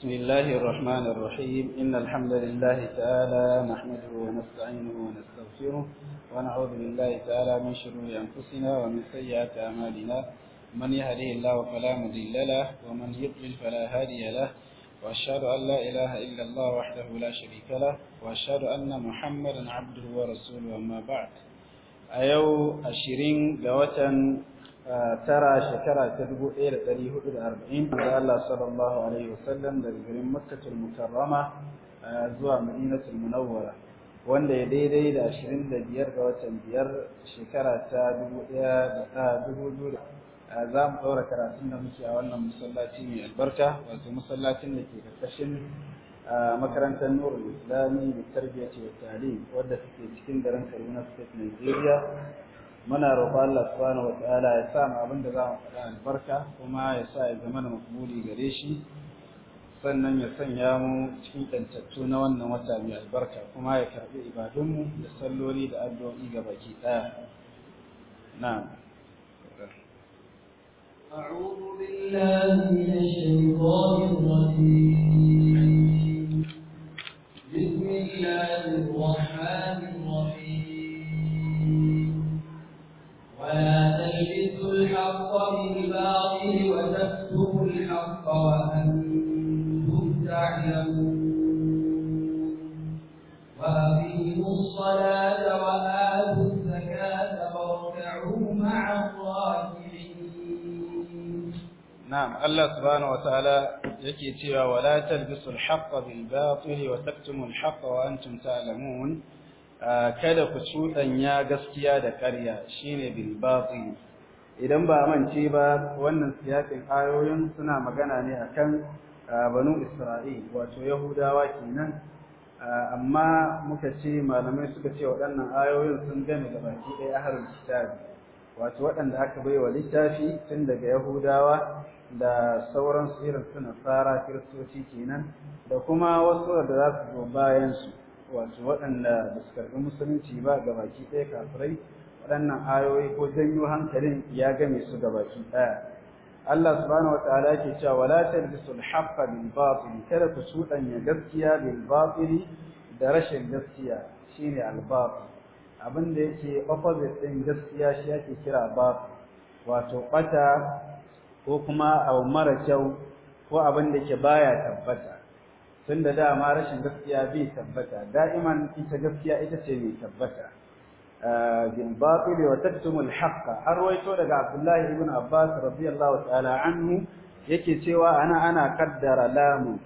بسم الله الرحمن الرحيم إن الحمد لله تعالى نحمده ونستعينه ونستغفره ونعوذ بالله تعالى من شرور أنفسنا ومن سيئات أعمالنا من يهده الله فلا مضل له ومن يضلل فلا هادي له وأشهد أن لا إله إلا الله وحده لا شريك له وأشهد أن محمدا عبده ورسوله أما بعد أيو أشرين قوة tara shekara ta dubu ɗaya da ɗari hudu da arba'in da Allah sallallahu alaihi wasallam daga garin makkatul mukarrama zuwa madinatul munawwara wanda ya daidai da ashirin da biyar ga watan biyar shekara ta dubu ɗaya da dubu biyu za mu ɗaura karatun da muke a wannan masallaci mai albarka wato masallacin da ke ƙarƙashin makarantar nurul islami da tarbiyyar wadda take cikin garin kaduna state nigeria muna roƙo Allah subhanahu wataala ya sa mu abin za mu faɗa albarka kuma ya sa ya zama makbuli gare shi sannan ya sanya mu cikin ƙantattu na wannan wata mai albarka kuma ya karɓi ibadunmu da salloli da addu'o'i ga baki ɗaya Na. بسم الله الرحمن الحق بالباطل وتكتم الحق وأنتم تعلمون وأقيموا الصلاة وآتوا الزكاة واركعوا مع نعم الله سبحانه وتعالى يكي تيوى ولا تلبسوا الحق بالباطل وتكتموا الحق وأنتم تعلمون كذا كتشوء أن يا قسكيا دكاريا شيني بالباطل idan ba mance ba wannan siyakin ayoyin suna magana ne a akan banu isra'il wato yahudawa kenan amma muka ce malamai suka ce waɗannan ayoyin sun game da baki ɗaya harin kitabi wato waɗanda aka baiwa littafi tun daga yahudawa da sauran su irin su nasara kiristoci kenan da kuma wasu da za su zo bayansu, su wato waɗanda da su karɓi musulunci ba ga baki ɗaya kafirai waɗannan ayoyi ko janyo hankalin ya game su gabaki ɗaya Allah subhanahu wataala ke cewa wala talbisul haqqa bil batil kada ku sudanya gaskiya bil batil da rashin gaskiya shine al batil abinda yake opposite din gaskiya shi ake kira batil wato ɓata, ko kuma abu mara kyau ko abin da ke baya tabbata Tun da dama rashin gaskiya bai tabbata da'iman ita gaskiya ita ce mai tabbata bil batil wa taktumul haqq har waito daga Abdullahi ibn Abbas radiyallahu ta'ala anhu yake cewa ana ana kaddara lamu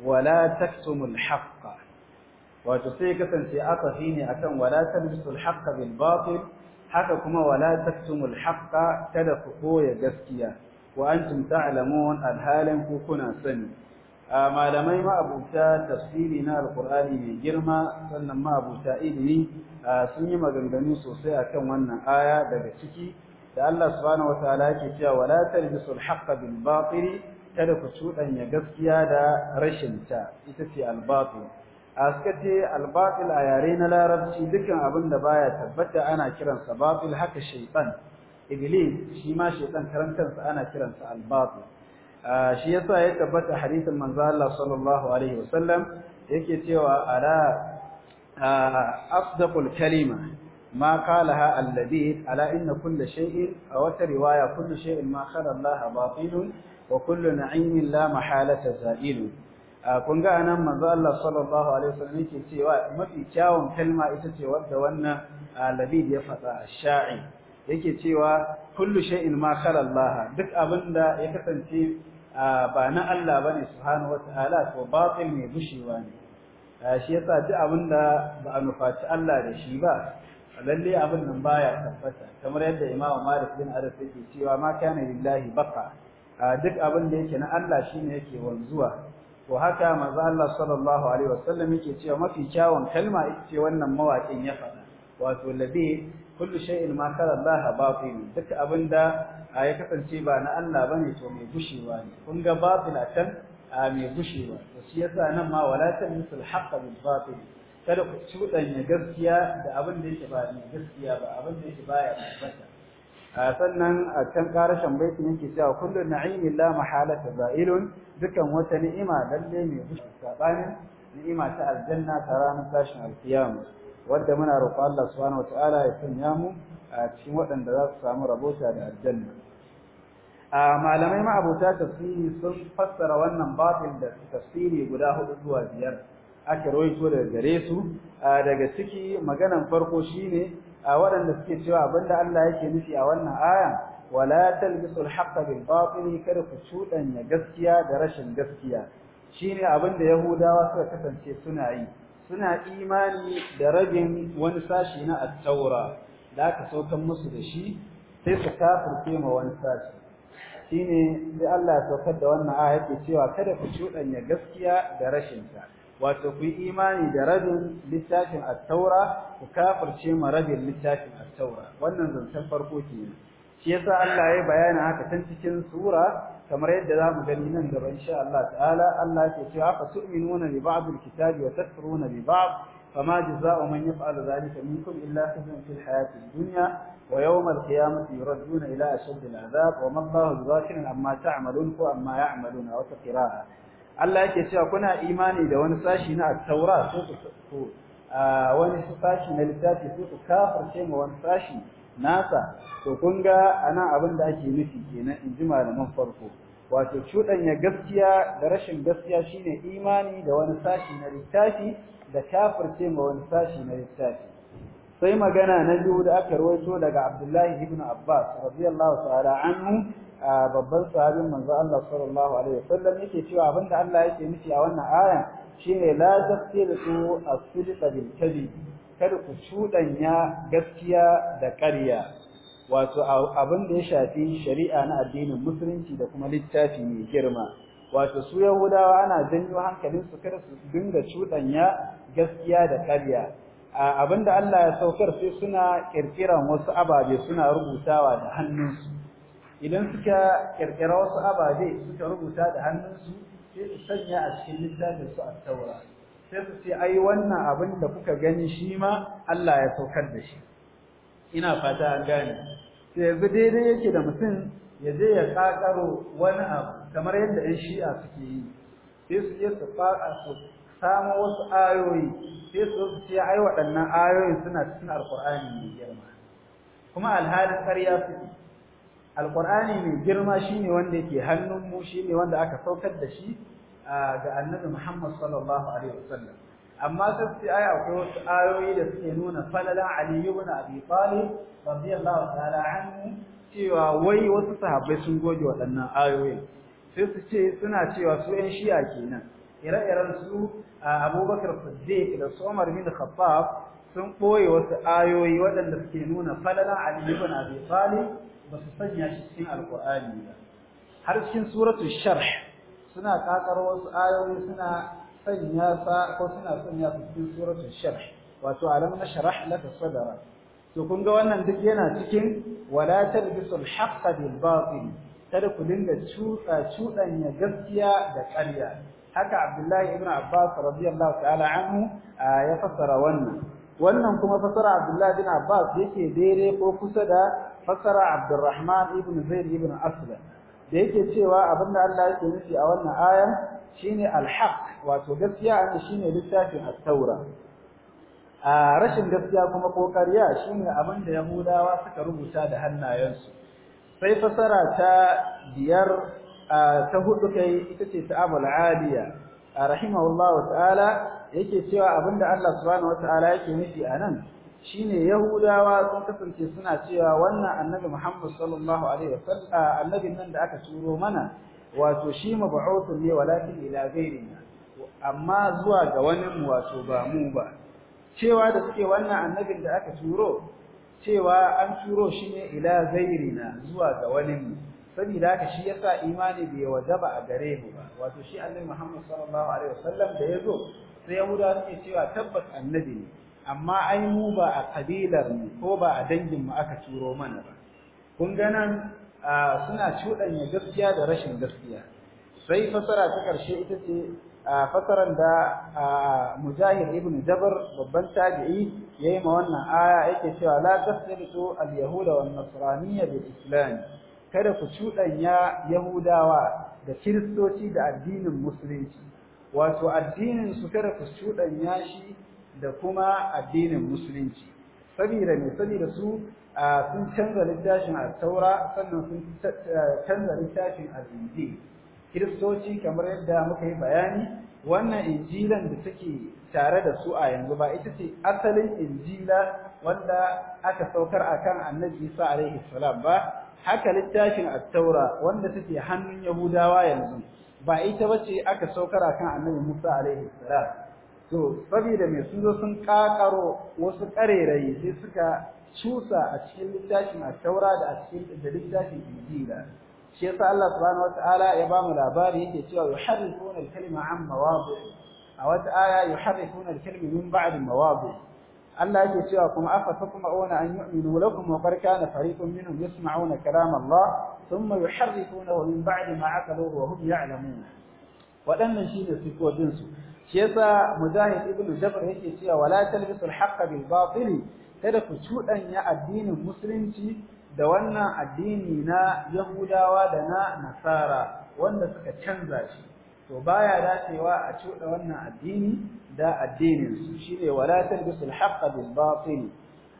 wala taktumul haqq wato sai kasance atafi ne akan wala talbisul haqq bil batil haka kuma wala taktumul haqqa kada ku koya gaskiya wa antum ta'lamun alhalan ku kuna sani malamai ma abuta tafsiri na alqur'ani mai girma sannan ma abuta ilimi sun yi maganganu sosai akan wannan aya daga ciki da Allah subhanahu wataala yake cewa wala talbisul haqqo bil batil kada ku cudanya gaskiya da rashin ta ita ce al batil a suka ce al batil a yare na larabci dukan abin da baya tabbata ana kiransa batil haka shaytan iblis shi ma shaytan karantarsa ana kiransa al batil shi yasa ya tabbata hadisin manzo Allah sallallahu alaihi wasallam yake cewa ala أصدق الكلمة ما قالها اللبيب على إن كل شيء أو رواية كل شيء ما خلى الله باطل وكل نعيم لا محالة زائل kun ga anan manzo Allah sallallahu alaihi wasallam yake cewa mafi kyawun kalma ita ce wadda wannan labid ya fada sha'i yake cewa kullu shay'in ma khala Allah duk abinda ya kasance ba na Allah bane subhanahu wataala to batil ne bushewa ne Ah, shi yasa duk abin da ba a nufaci Allah da shi ba lalle abin nan baya tabbata kamar yadda Imam Malik bin Anas yake cewa ma kana lillahi baqa ah, duk abin da yake na Allah shine yake wanzuwa to haka manzo Allah sallallahu alaihi wasallam yake cewa mafi kyawun kalma ce wannan mawakin ya faɗa wato ladhi kullu shay'in ma kana Allah batil duk abin da ah, ya kasance ba na Allah bane to mai gushewa ne kun ga batil a can a mai gushewa to shi yasa nan ma wala tamisul haqqa bil batil kada ku cuɗanya gaskiya da abin da yake ba mai gaskiya ba abin da yake baya tabbata a sannan a can karashin baitin yake cewa kullu na'imin la mahalata za'ilun dukan wata ni'ima lalle mai gushewa sabanin ni'ima ta aljanna ta ranar tashin alkiyama wanda muna roƙon Allah subhanahu ta'ala ya sanya mu a cikin waɗanda za su samu rabota da aljanna A malamai ma'abuta tafsiri sun fassara wannan babin da tafsiri guda hudu zuwa biyar aka rawaito daga gare su daga ciki maganan farko shine a waɗanda suke cewa abinda Allah yake nufi a wannan aya wala talbisul haqqo bil batil kada ku cudanya gaskiya da rashin gaskiya shine abinda yahudawa suka kasance suna yi suna imani da rabin wani sashi na at-taura da aka saukan musu da shi sai su kafirce ma wani sashi shine sai Allah ya saukar da wannan aya ke cewa kada ku cudanya gaskiya da rashin ta wato ku yi imani da rabin littafin at-taura ku kafirce ma rabin littafin at-taura wannan zancen farko ke ne shi yasa Allah ya bayani haka tun cikin sura kamar yadda zamu gani nan gaba insha Allah ta'ala Allah yake cewa fa tu'minuna bi ba'd al-kitabi wa takfuruna bi ba'd فما جزاء من يفعل ذلك منكم إلا خزي في الحياة الدنيا ويوم القيامة يردون إلى أشد العذاب وما الله بغافل عما تعملون وعما يعملون أو قراءة Allah yake cewa kuna imani da wani sashi na Taura ko ku wani sashi na littafi ko ku kafirce ma wani sashi nasa to kun ga ana abin da ake nufi kenan in ji malaman farko wato cuɗanya gaskiya da rashin gaskiya shine imani da wani sashi na littafi da kafirce ma wani sashi na littafi sai magana na biyu da aka rawaito daga Abdullahi ibn Abbas radiyallahu ta'ala anhu babban sahabin manzo Allah sallallahu alaihi wasallam yake cewa abinda Allah yake nufi a wannan aya shine la tafsiru as-sidqa bil kadhib kada ku cudanya gaskiya da ƙarya wato abin da ya shafi shari'a na addinin musulunci da kuma littafi mai girma wato su yahudawa ana janyo hankalin su kada su dinga cuɗanya gaskiya da ƙarya abinda Allah ya saukar sai suna ƙirƙiran wasu ababe suna rubutawa da hannunsu idan suka ƙirƙira wasu ababe suka rubuta da hannunsu sai su sanya a cikin littafin su a taura sai su ce ai wannan abin da kuka gani shi ma Allah ya saukar da shi ina fata an gane sai yanzu daidai yake da mutum ya je ya kakaro wani abu kamar yadda ɗan shi'a suke yi sai su iya su fara su samo wasu ayoyi sai su su ce ai waɗannan ayoyin suna cikin alƙur'ani mai girma kuma alhalin ƙarya suke alƙur'ani mai girma shine wanda yake hannun mu shine wanda aka saukar da shi ga annabi Muhammad sallallahu alaihi wasallam amma sai su ai akwai wasu ayoyi da suke nuna falala Ali ibn Abi Talib radiyallahu ta'ala anhu cewa wai wasu sahabbai sun goge waɗannan ayoyin sai su ce suna cewa su yan shi'a kenan ire-iren su abubakar siddiq da somar min khattab sun ɓoye wasu ayoyi waɗanda suke nuna falalan ali ibn abi ba su sanya shi cikin alqur'ani ba har cikin suratul sharh suna kakar wasu ayoyi suna sanya sa ko suna sanya su cikin suratu sharh wato alam nashrah laka to kun ga wannan duk yana cikin wala talbisul haqqa bil batil kada ku dinga cuɗa ya gaskiya da ƙarya haka Abdullahi ibn Abbas radiyallahu ta'ala anhu ya fassara wannan wannan kuma fassara Abdullahi ibn Abbas yake daidai ko kusa da fassara Abdurrahman ibn zayd ibn asla da yake cewa abinda Allah yake nufi a wannan aya shine alhaq. wato gaskiya ne shine littafin at-taura rashin gaskiya kuma ko ƙarya shine abinda Yahudawa suka rubuta da hannayensu sai fasara ta biyar ta hudu kai ita ce ta'amul aliya rahimahullahu ta'ala yake cewa abinda Allah subhanahu wataala yake nufi anan shine yahudawa sun kasance suna cewa wannan annabi Muhammad sallallahu alaihi wasallam annabin nan da aka turo mana wato shi mab'uthun ne walakin ila ghayrina amma zuwa ga wani wato ba mu ba cewa da suke wannan annabin da aka turo cewa an turo shi ne ila Zairina zuwa ga wani mu saboda haka shi yasa imani bai wajaba a gare mu ba wato shi annabi Muhammad sallallahu alaihi wasallam da yazo sai yahudawa suke cewa tabbas annabi ne amma ai mu ba a kabilar mu ko ba a dangin mu aka turo mana ba kun ga nan suna cuɗanya gaskiya da rashin gaskiya sai fasara ta karshe ita ce fasaran da Mujahid ibn Jabr babban tabi'i Ya yi ma wannan aya yake cewa la tasritu al-yahuda wan nasraniyya bil islam kada ku cudanya yahudawa da kiristoci da addinin musulunci wato addinin su kada ku cudanya shi da kuma addinin musulunci saboda ne saboda su sun canza littafin at-taura sannan sun canza littafin al injil kiristoci kamar yadda muka yi bayani wannan injilan da take tare da su a yanzu ba ita ce asalin injila wanda aka saukar akan annabi Isa alaihi salam ba haka littafin at-taura wanda take hannun yahudawa yanzu ba ita bace aka saukar akan annabi Musa alaihi salam to saboda me sun zo sun kakaro wasu karerai sai suka cusa a cikin littafin at-taura da a cikin da littafin injila shi yasa Allah subhanahu wataala ya bamu labari yake cewa yuharrifuna al-kalima an mawadi'i a wata aya yuharrifuna al-kalima min ba'd mawadi'i Allah yake cewa kuma afa tatma'una an yu'minu lakum wa qad kana fariqun minhum yasma'una kalam Allah thumma yuharrifunahu min ba'd ma aqaluhu wa hum ya'lamun wadannan shine sifofin su shi yasa mujahid ibn jabr yake cewa wala talbisul haqqa bil batili kada ku cudanya addinin musulunci da wannan addini na Yahudawa da na Nasara wanda suka canza shi to baya dacewa a cuɗa wannan addini da addinin su shine wala talbisul haqqa bil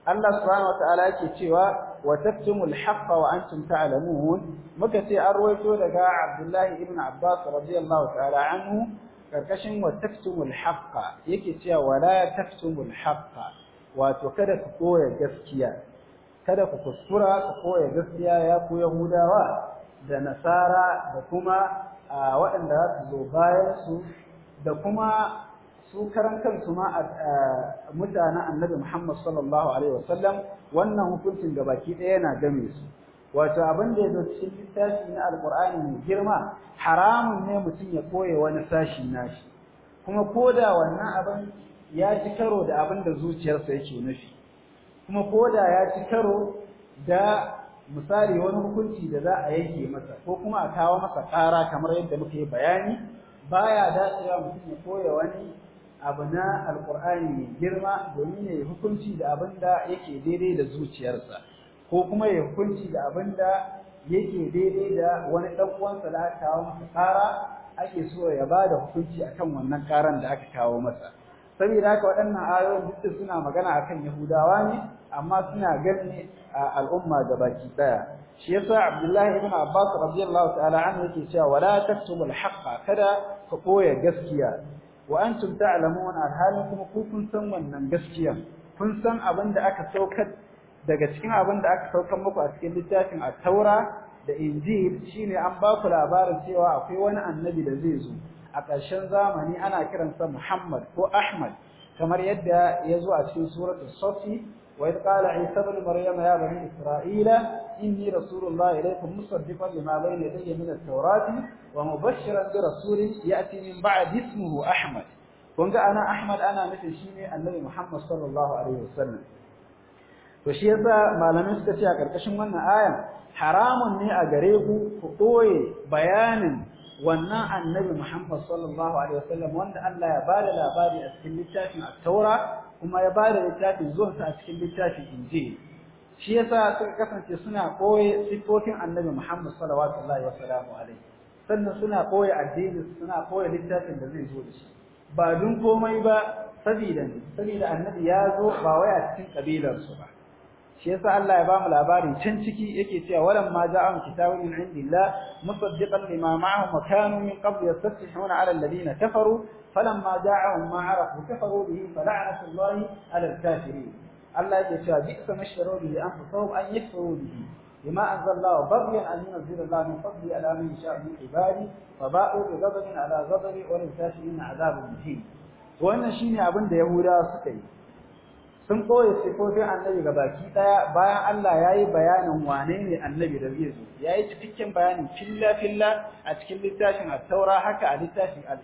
Allah subhanahu wataala yake cewa wa taktumul haqqa wa antum ta'lamun muka ce an ruwaito daga Abdullahi ibn Abbas radiyallahu ta'ala anhu karkashin wa taktumul haqqa yake cewa wala taktumul haqqa wato kada ku koya gaskiya kada ku kuskura ku koya gaskiya ya ku yahudawa da nasara da kuma waɗanda za su zo bayan su da kuma su karan kansu ma mutanen annabi Muhammad sallallahu alaihi wasallam wannan hukuncin da baki ɗaya yana game su wato abin da zo cikin littafi na alqur'ani mai girma haramun ne mutum ya koya wani sashi nashi kuma koda wannan abin ya ci karo da abin da zuciyarsa yake nufi kuma ko da ya ci karo da misali wani hukunci da za a yanke masa ko kuma a kawo masa ƙara kamar yadda muka yi bayani baya dacewa mutum ya koya wani abu na alƙur'ani mai girma domin ya yi hukunci da abin da yake daidai da zuciyarsa ko kuma ya hukunci da abin da yake daidai da wani ɗan uwansa da aka kawo masa ƙara ake so ya ba da hukunci akan wannan ƙaran da aka kawo masa saboda haka waɗannan ayoyin duk suna magana akan Yahudawa ne amma suna a al'umma da baki daya shi yasa Abdullahi ibn Abbas radiyallahu ta'ala anhu yake cewa wala taktumu al-haqqa kada ku ɓoye gaskiya wa antum ta'lamun al-halin kuma ku kun san wannan gaskiya kun san abin da aka saukar daga cikin abin da aka saukar muku a cikin littafin at-Taura da Injil shine an ba ku labarin cewa akwai wani annabi da zai zo a ƙarshen zamani ana kiransa Muhammad ko Ahmad kamar yadda ya zo a cikin suratul Safi وإذ قال عيسى بن مريم يا بني إسرائيل إني رسول الله إليكم مصدقا لما بين يدي من التوراة ومبشرا برسول يأتي من بعد اسمه أحمد kunga ana Ahmad ana nufin shine Annabi Muhammad sallallahu alaihi wasallam to shi yasa malamai suka ce a karkashin wannan ayan haramun ne a gare ku ku koye bayanin wannan Annabi Muhammad sallallahu alaihi wasallam wanda Allah ya bada labari a cikin littafin taura kuma ya bada littafin su a cikin littafin inji shi yasa suka kasance suna koye sifofin annabi Muhammad sallallahu alaihi wasallam sannan suna koye addini suna koye littafin da zai zo da shi ba dun komai ba saboda sabida annabi ya zo ba wai a cikin kabilar su ba shi yasa Allah ya bamu labarin can ciki yake cewa a ma ja'an kitabun min indillah musaddiqan lima ma'ahum wa kanu min qabl yastafihuna 'ala alladhina kafaru falamma da'ahum ma arafu kafaru bihi fala'natullahi 'ala al-kafirin Allah yake cewa bi'sa mashtaru bihi anfusahum an yakfuru bihi bima anzalallahu bagyan an yunzila Allah min fadli 'ala man yasha'u min ibadi fa ba'u bi ghadabin 'ala ghadabi wa lil kafirin 'adabun muhin wannan shine abin da Yahudawa suka yi sun ƙoye sifofin annabi ga baki daya bayan Allah ya yi bayanin wanene annabi da zai zo ya yi cikakken bayanin filla-filla a cikin littafin at-taura haka a littafin al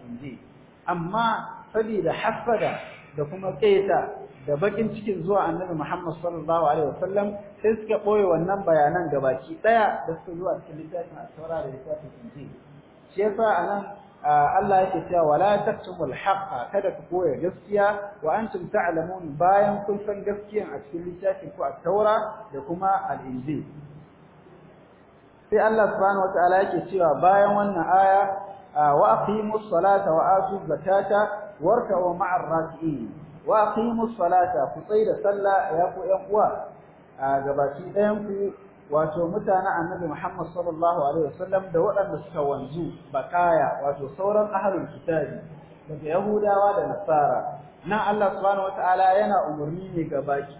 amma saboda hafada da kuma kaita da bakin cikin zuwa annabi Muhammad sallallahu alaihi wasallam sai suka boye wannan bayanan gabaki daya da suka zuwa cikin littafin Asawara da littafin Injil shi yasa anan Allah yake cewa wala taktumul haqqa kada ku boye gaskiya wa antum ta'lamun bayan kun san gaskiyan a cikin littafin ku Asawara da kuma al-Injil sai Allah subhanahu wataala yake cewa bayan wannan aya واقيموا الصلاه واتوا الزكاه واركعوا مع الراكعين واقيموا الصلاه كتير صلاه يا ku ƴan uwa gabaci ɗayan ku wato mutanen annabi Muhammad sallallahu alaihi wasallam da waɗanda suka wanzu bakaya wato sauran ahlul kitabi daga yahudawa da nasara nan Allah subhanahu wataala yana umarni ne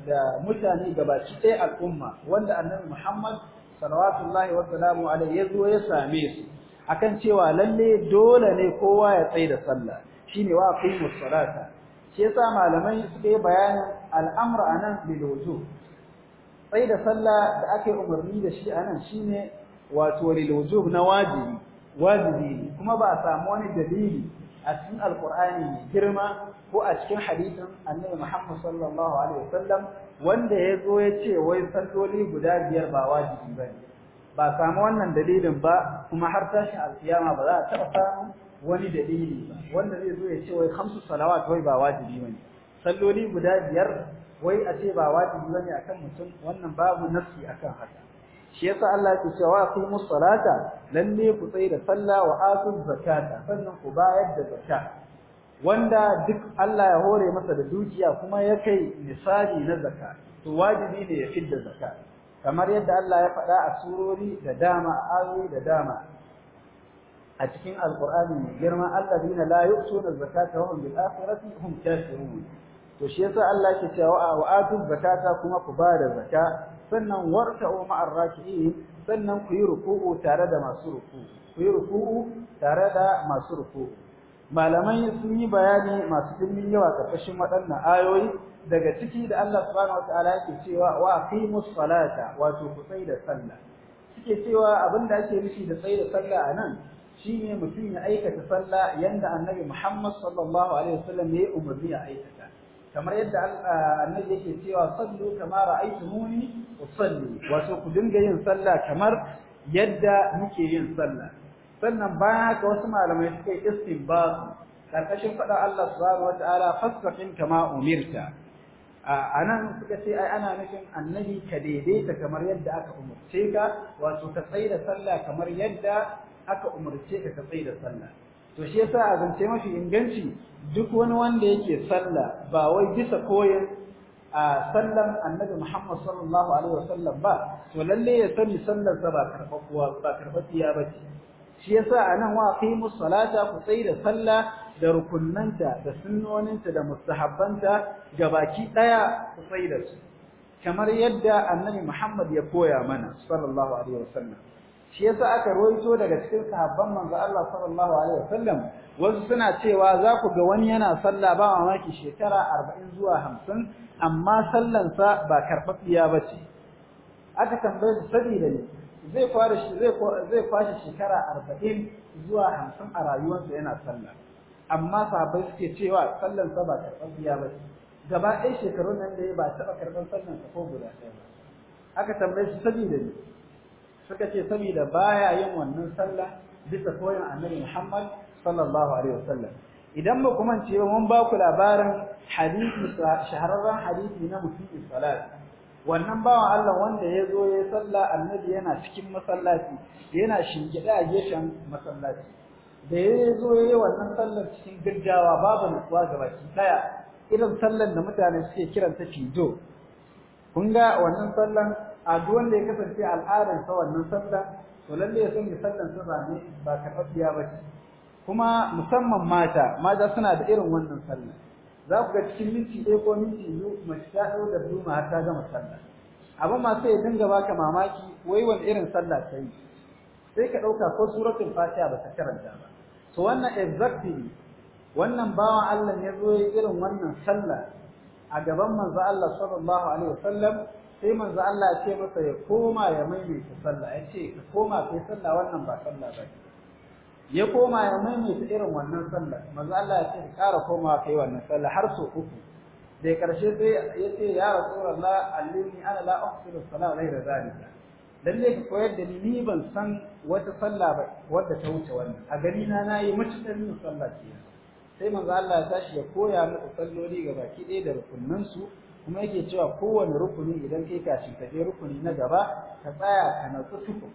da mutane gabaci ɗaya al'umma wanda annabi Muhammad sallallahu alaihi ya zo ya same su akan cewa lalle dole ne kowa ya tsaye da sallah shine wa aqimus salata shi yasa malamai suka yi bayanin al'amr anan bil wujub tsaye da sallah da ake umarni da shi anan shine wato lil wujub na wajibi wajibi kuma ba a samu wani dalili a cikin alqur'ani girma ko a cikin hadisin annabi Muhammad sallallahu alaihi wasallam wanda ya zo ya ce wai salloli guda biyar ba wajibi bane ba samu wannan dalilin ba kuma har tashi alkiyama ba za a taɓa samun wani dalili ba wanda zai zo ya ce wai hamsu salawat wai ba wajibi bane salloli guda biyar wai a ce ba wajibi bane akan mutum wannan babu nafsi akan haka shi yasa Allah ya ce wa aqimus salata lalle ku tsaya da sallah wa atu zakata sannan ku bayar da zakka wanda duk Allah ya hore masa da dukiya kuma ya kai misali na zakka to wajibi ne ya fidda zakka kamar yadda Allah ya faɗa a surori da dama ayoyi da dama a cikin alqur'ani mai girma alladina la yu'tuna zakata wa hum bil akhirati hum kafirun to shi yasa Allah ke cewa wa atu zakata kuma ku ba da zakata sannan warka'u ma'ar raki'in sannan ku yi ruku'u tare da masu ruku'u ku yi ruku'u tare da masu ruku'u malamai sun yi bayani masu dimbin yawa karkashin waɗannan ayoyi daga ciki da Allah subhanahu wataala yake cewa wa aqimus salata wato ku tsai da sallah suke cewa abin da ake nufi da tsai da sallah nan shine mutum ya aikata sallah yanda annabi Muhammad sallallahu alaihi wasallam ya umarni a aikata kamar yadda annabi yake cewa sallu kama ra'aytumuni usalli wato ku dinga yin sallah kamar yadda muke yin sallah sannan bayan ka wasu malamai suka yi istinbat karkashin faɗa Allah subhanahu wataala fastaqim kama umirta a nan suka ce ai ana nufin annabi ka daidaita kamar yadda aka umurce ka wato ka tsaida sallah kamar yadda aka umurce ka ka tsaida sallah to shi yasa a zance mafi inganci duk wani wanda yake sallah ba wai bisa koyin a sallan annabi Muhammad sallallahu alaihi wasallam ba to lalle ya sani sallar sa ba kuwa, ba karɓaɓɓiya ba shi yasa anan wa aqimus salata ku tsai da sallah da rukunnanta da sunnoninta da mustahabbanta gabaki daya ku tsai da su kamar yadda annabi Muhammad ya koya mana sallallahu alaihi wasallam shi yasa aka roito daga cikin sahabban manzo Allah sallallahu alaihi wasallam wasu suna cewa za ku ga wani yana sallah ba mamaki shekara 40 zuwa 50 amma sallansa ba karfafiya bace aka tambaye su sabida ne zai fara zai zai kwashe shekara arba'in zuwa hamsin a rayuwarsa yana sallah amma sahabbai suke cewa sallan sa ba karɓar ba gaba ɗaya shekarun nan da ya ba taɓa karɓar sallan sa ko guda ɗaya ba aka tambaye su saboda ne suka ce saboda baya yin wannan sallah bisa koyon annabi Muhammad sallallahu alaihi wasallam idan ba kuma ce ba mun ba ku labarin hadisi shahararren hadisi na mutum salat wannan bawan Allah wanda ya zo ya salla annabi yana cikin masallaci yana shingide a gefen masallaci da ya zo ya yi wannan sallar cikin gaggawa babu nutsuwa ga baki daya irin sallar da mutane suke kiranta fido kun ga wannan sallar a duk wanda ya kasance al'adar sa wannan sallar to lalle ya san sallar sa ba ne ba karɓaɓɓiya ba ce kuma musamman mata mata suna da irin wannan sallar za ku ga cikin minti ɗaya ko minti biyu mace ta ɗau da biyu har ta gama sallah abin ma sai ya dinga baka mamaki wai wani irin sallah ta yi sai ka ɗauka ko suratul fatiha ba ta karanta ba to wannan exactly wannan bawa Allah ne zo yi irin wannan sallah a gaban manzo Allah sallallahu alaihi wasallam sai manza Allah ya ce masa ya koma ya maimaita sallah ya ce ka koma kai sallah wannan ba sallah ba ya koma ya maimaita irin wannan sallar manzo Allah ya ce ka kara koma kai wannan sallar har so uku da karshe sai ya ce ya rasulullah allimni ana la uhsiru salata ghayra zalika lalle ka koyar da ni ban san wata sallah ba wadda ta wuce wannan a gani na nayi mutukar yin sallah ce sai manzo Allah ya tashi ya koya masa salloli ga baki ɗaya da rukunnan su kuma yake cewa kowane rukuni idan kai kashi ka je rukuni na gaba ka tsaya ka natsu tukun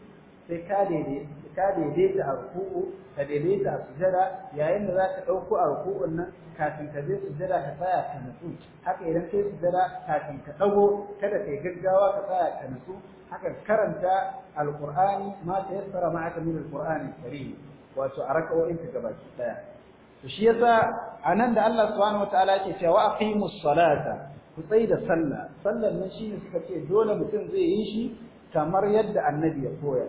sai ka daidaita a ruku'u ka daidaita a sujada yayin da za ka ɗauko a ruku'un nan kafin ka je sujada ka tsaya ka nutsu haka idan kai sujada kafin ka ɗago kada kai gaggawa ka tsaya ka nutsu haka karanta alqur'ani ma ta yassara ma aka min alqur'ani karim wato a raka'o'in ka gabaki ɗaya to shi yasa anan da Allah subhanahu wataala yake cewa aqimus salata ku tsai da sallah sallar nan shine suka ce dole mutum zai yi shi kamar yadda annabi ya koyar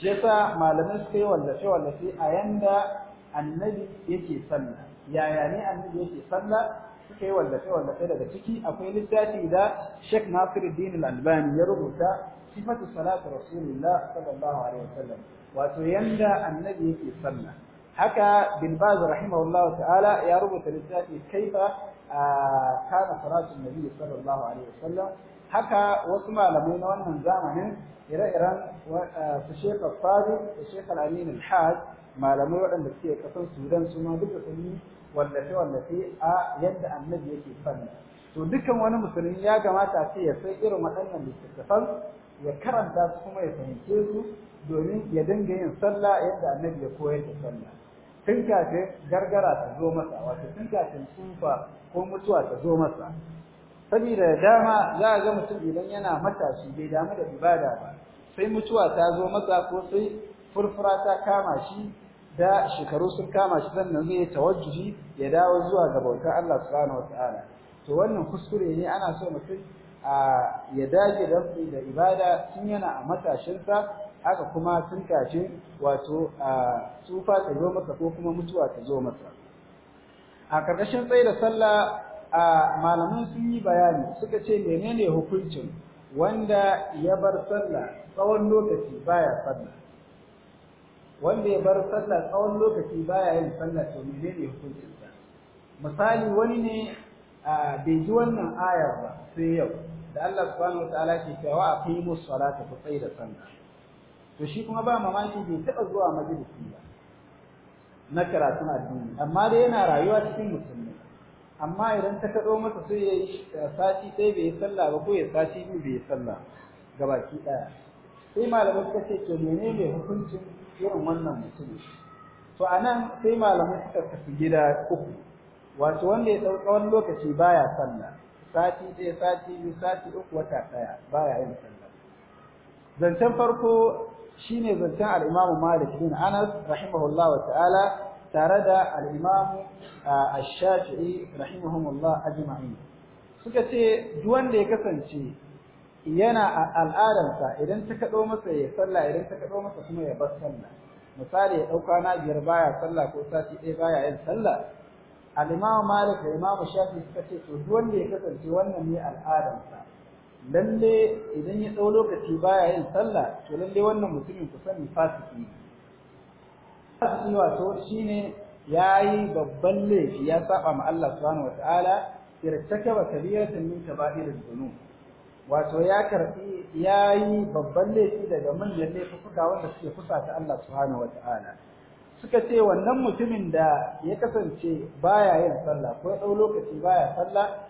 shi yasa malamai suka yi wallafe wallafe a yanda annabi yake sallah yaya ne annabi yake sallah suka yi wallafe wallafe daga ciki akwai littafi da Sheikh Nasiruddin Al-Albani ya rubuta sifatu salatu rasulillah sallallahu alaihi wasallam wato yanda annabi yake sallah haka bin Baz rahimahullahu ta'ala ya rubuta littafi kaifa ah, kana salatu annabi sallallahu alaihi wasallam haka wasu malamai na wannan zamanin ire-iren eh, su shekar fari da shekar aminu hajj, malamai waɗanda suke kasan Sudan su ma duka sun wallafe-wallafe a yadda annabi yake fanni to dukkan wani musulmi ya kamata ce ya sai irin waɗannan littattafan ya karanta su kuma ya fahimce su domin ya dinga yin sallah yadda annabi ya koyar da sallah tun kafin gargara ta zo masa wato tun kafin tsufa ko mutuwa ta zo masa saboda dama za ga mutum idan yana matashi bai damu da ibada ba sai mutuwa ta zo masa ko sai furfura ta kama shi da shekaru sun kama shi sannan zai tawajjuhi ya dawo zuwa ga bautar Allah subhanahu wataala to wannan kuskure ne ana so mutum ya dage da da ibada tun yana a matashinsa haka kuma tun kafin wato tsufa ta zo masa ko kuma mutuwa ta zo masa a karkashin tsaye da sallah a malaman sun yi bayani suka ce menene hukuncin wanda ya bar sallah tsawon lokaci baya sallah wanda ya bar sallah tsawon lokaci baya yin sallah to menene hukuncin sa misali wani ne bai ji wannan ayar ba sai yau da Allah subhanahu wataala ke cewa aqimu salata ku tsayi da sallah to shi kuma ba mamaki bai taba zuwa majalisi ba na karatun addini amma dai yana rayuwa cikin musulmi amma idan ta kaɗo masa sai ya yi sati ɗaya bai yi sallah ba ko ya sati biyu bai yi sallah ga baki ɗaya sai malamai suka ce to menene hukuncin irin wannan mutum to a nan sai malamai suka tafi gida uku wato wanda ya ɗau tsawon lokaci baya sallah sati ɗaya sati biyu sati uku wata ɗaya baya yin sallah zancen farko shine zancen al'imamu Malik bin Anas rahimahullahu ta'ala tare da al'imamu uh, a shafii rahimahumullah ajma'in suka ce duwanda ya kasance yana al'adarsa idan ta kado masa ya sallah idan ta kado masa kuma ya bar sallah misali ya ɗauka na biyar baya sallah ko sati ɗaya baya yin sallah al Malik da Imamu Shafi suka ce to duwanda ya kasance wannan ne al'adarsa lalle idan ya dau lokaci baya yin sallah to lalle wannan mutumin kusan fasiki ne asi wato shine yayi babban laifi ya saba ma Allah subhanahu wataala irtakaba kabiratan min kaba'ir dhunub wato ya karbi yayi babban laifi daga manyan laifuka wanda suke kusa ta Allah subhanahu wataala suka ce wannan mutumin da ya kasance baya yin sallah ko ya dau lokaci baya sallah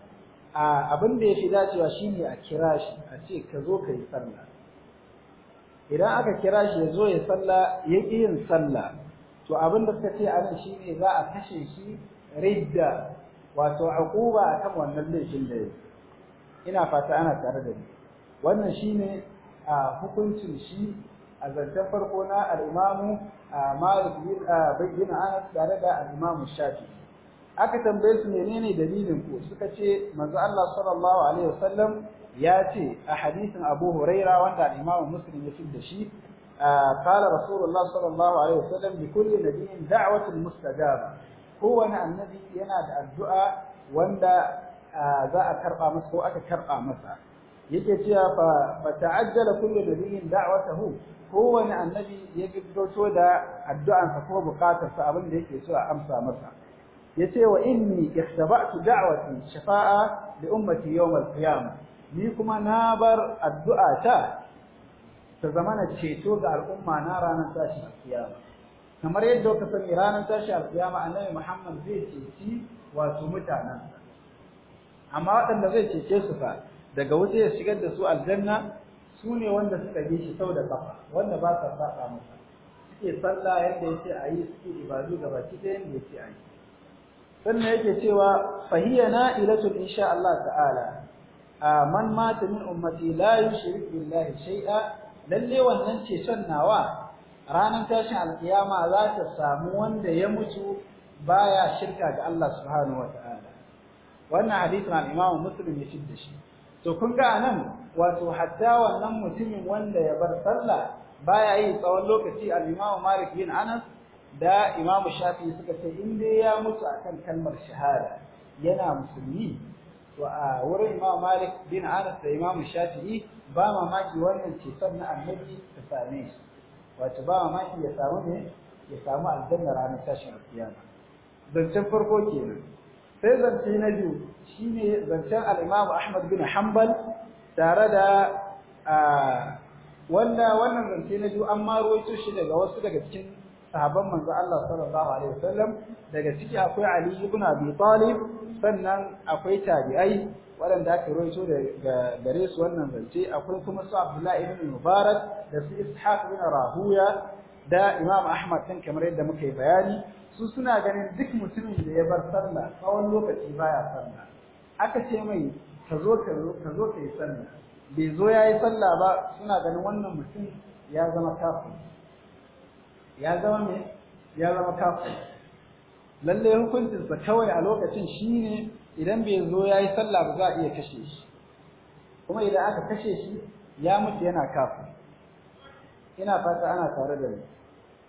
a abin da ya dacewa shine a kira shi a ce ka zo ka sallah idan aka kira shi ya zo ya sallah ya yin sallah to abin da suka ce anan shi ne za a kashe shi ridda wato a akan wannan laifin da yake ina fata ana tare da ni wannan shine a hukuncin shi a zancen farko na al-Imam Malik bin Anas tare da al-Imam Shafi aka tambaye su menene dalilin ku suka ce manzo Allah sallallahu alaihi wasallam ya ce a hadisin Abu Huraira wanda al-Imam Muslim ya fi da shi قال رسول الله صلى الله عليه وسلم لكل نبي دعوة مستجابة هو أن النبي ينادى الدعاء وأن ذا كرقى مسه وأتى كرقى مسه يجي فتعجل كل نبي دعوته هو أن النبي يجب دوتو دا الدعاء فهو بقاتل فأبن ليك يسوع أمسى مسه يتي وإني اختبأت دعوتي شفاء لأمتي يوم القيامة ni kuma na bar addu'a ta ta zamana ceto ga al'umma na ranar tashi alkiyama kamar yadda ka sani ranar tashi alkiyama annabi Muhammad zai ceci wato mutanen amma waɗanda zai cece su fa daga wuta ya shigar da su aljanna su ne wanda suka bi shi sau da kafa wanda ba sa saba masa suke sallah yadda ya ce a yi suke ibadu gaba baki ɗaya yadda a yi. sannan yake cewa fahiya na ilatul insha Allah ta'ala man mata min ummati la yushrik billahi shay'a lalle wannan ceton nawa ranar tashin alkiyama za ta samu wanda ya mutu baya shirka ga Allah subhanahu wataala wannan hadisin al-Imam Muslim ya shidda shi to kun ga anan wato hatta wannan mutumin wanda ya bar sallah baya yi tsawon lokaci al-Imam Malik bin Anas da Imam Shafi suka ce in dai ya mutu akan kalmar shahada yana musulmi wurin imam malik bin anas da imam shafi'i ba mamaki wannan ceton na annabi ta same shi wato ba mamaki ya samu ne ya samu aljanna ranar tashin kiyama zancen farko kenan sai zance na biyu shine zancen al-imam ahmad bin hanbal tare da wanda wannan zance na biyu an maro shi daga wasu daga cikin sahabban manzo Allah sallallahu alaihi wasallam daga ciki akwai Ali ibn Abi Talib sannan akwai tabi'ai waɗanda aka rawaito daga gare su wannan zance akwai kuma su Abdullah ibn Mubarak da su Ishaq ibn Rahuya da Imam Ahmad din kamar yadda muka yi bayani su suna ganin duk mutumin da ya bar sallah tsawon lokaci baya sallah aka ce mai ka zo ka zo ka zo ka yi sallah bai zo ya yi sallah ba suna ganin wannan mutum ya zama kafin ya zama me ya zama kafiri lalle hukuncinsa kawai a lokacin shine idan bai zo yayi sallah ba za a iya kashe shi kuma idan aka kashe shi ya mutu yana kafin. ina fata ana tare da ni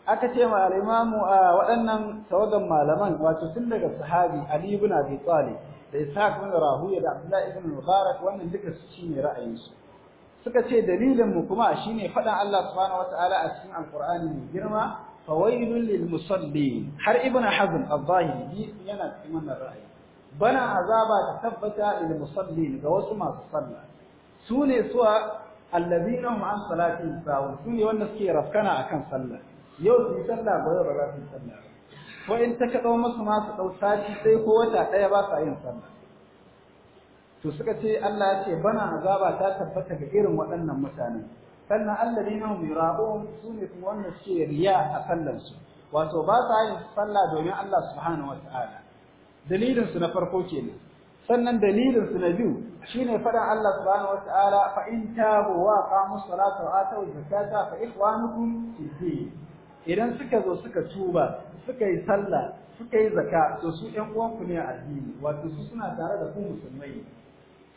aka ce ma al-imamu waɗannan tawagan malaman wato tun daga sahabi Ali ibn Abi Talib da Ishaq ibn Rahuya da abdullahi ibn Mubarak wannan duka su shine ra'ayinsu suka ce dalilinmu mu kuma shine faɗan Allah subhanahu wataala a cikin Alƙur'ani mai girma fawailul lil musallin har ibnu hazm az-zahiri yana cikin wannan ra'ayi bana azaba ta tabbata lil musallin ga wasu masu sallah su ne suwa allazina hum an salatin sahun su ne wanda suke rafkana akan sallah yau su yi sallah ba yau ba za su yi sallah ko in ta kaɗo musu ma su ɗau sati sai ko wata ɗaya ba sa yin sallah to suka ce Allah ya ce bana azaba ta tabbata ga irin waɗannan mutane. sannan alladina hum yura'un sune kuma wannan suke riya a kallon su wato ba sa yin sallah domin Allah subhanahu wataala dalilin su na farko kenan sannan dalilin su na biyu shine faɗan Allah subhanahu wataala fa in tabu wa qamu salata wa atu zakata fa ikhwanukum fid idan suka zo suka tuba suka yi sallah suka yi zaka, to su ƴan uwanku ne a addini wato su suna tare da ku musulmai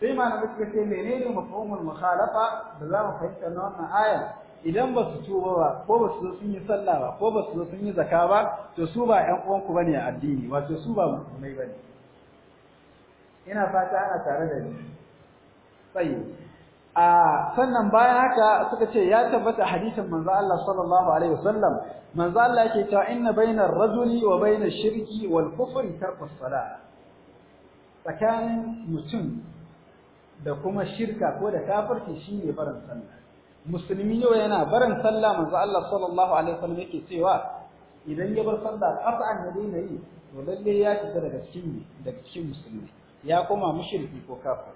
sai malamai suka ce menene mafhumul mukhalafa da za mu fahimta na wannan aya idan ba su tuba ba ko ba su zo sun yi sallah ba ko ba su zo sun yi zaka ba to su ba ƴan uwanku bane a addini wato su ba musulmai bane ina fata ana tare da ni tsaye a sannan bayan haka suka ce ya tabbata hadisin manzo Allah sallallahu alaihi wasallam manzo Allah yake cewa inna bainar rajuli wa bainash shirki wal kufri tarku salat tsakanin mutum da kuma shirka ko da kafirci ne barin sallah musulmi yau yana barin sallah manzo Allah sallallahu alaihi wasallam yake cewa idan ya bar sallah qat'an ya daina yi to lalle ya shiga daga cikin daga cikin musulmi ya koma mushriki ko kafir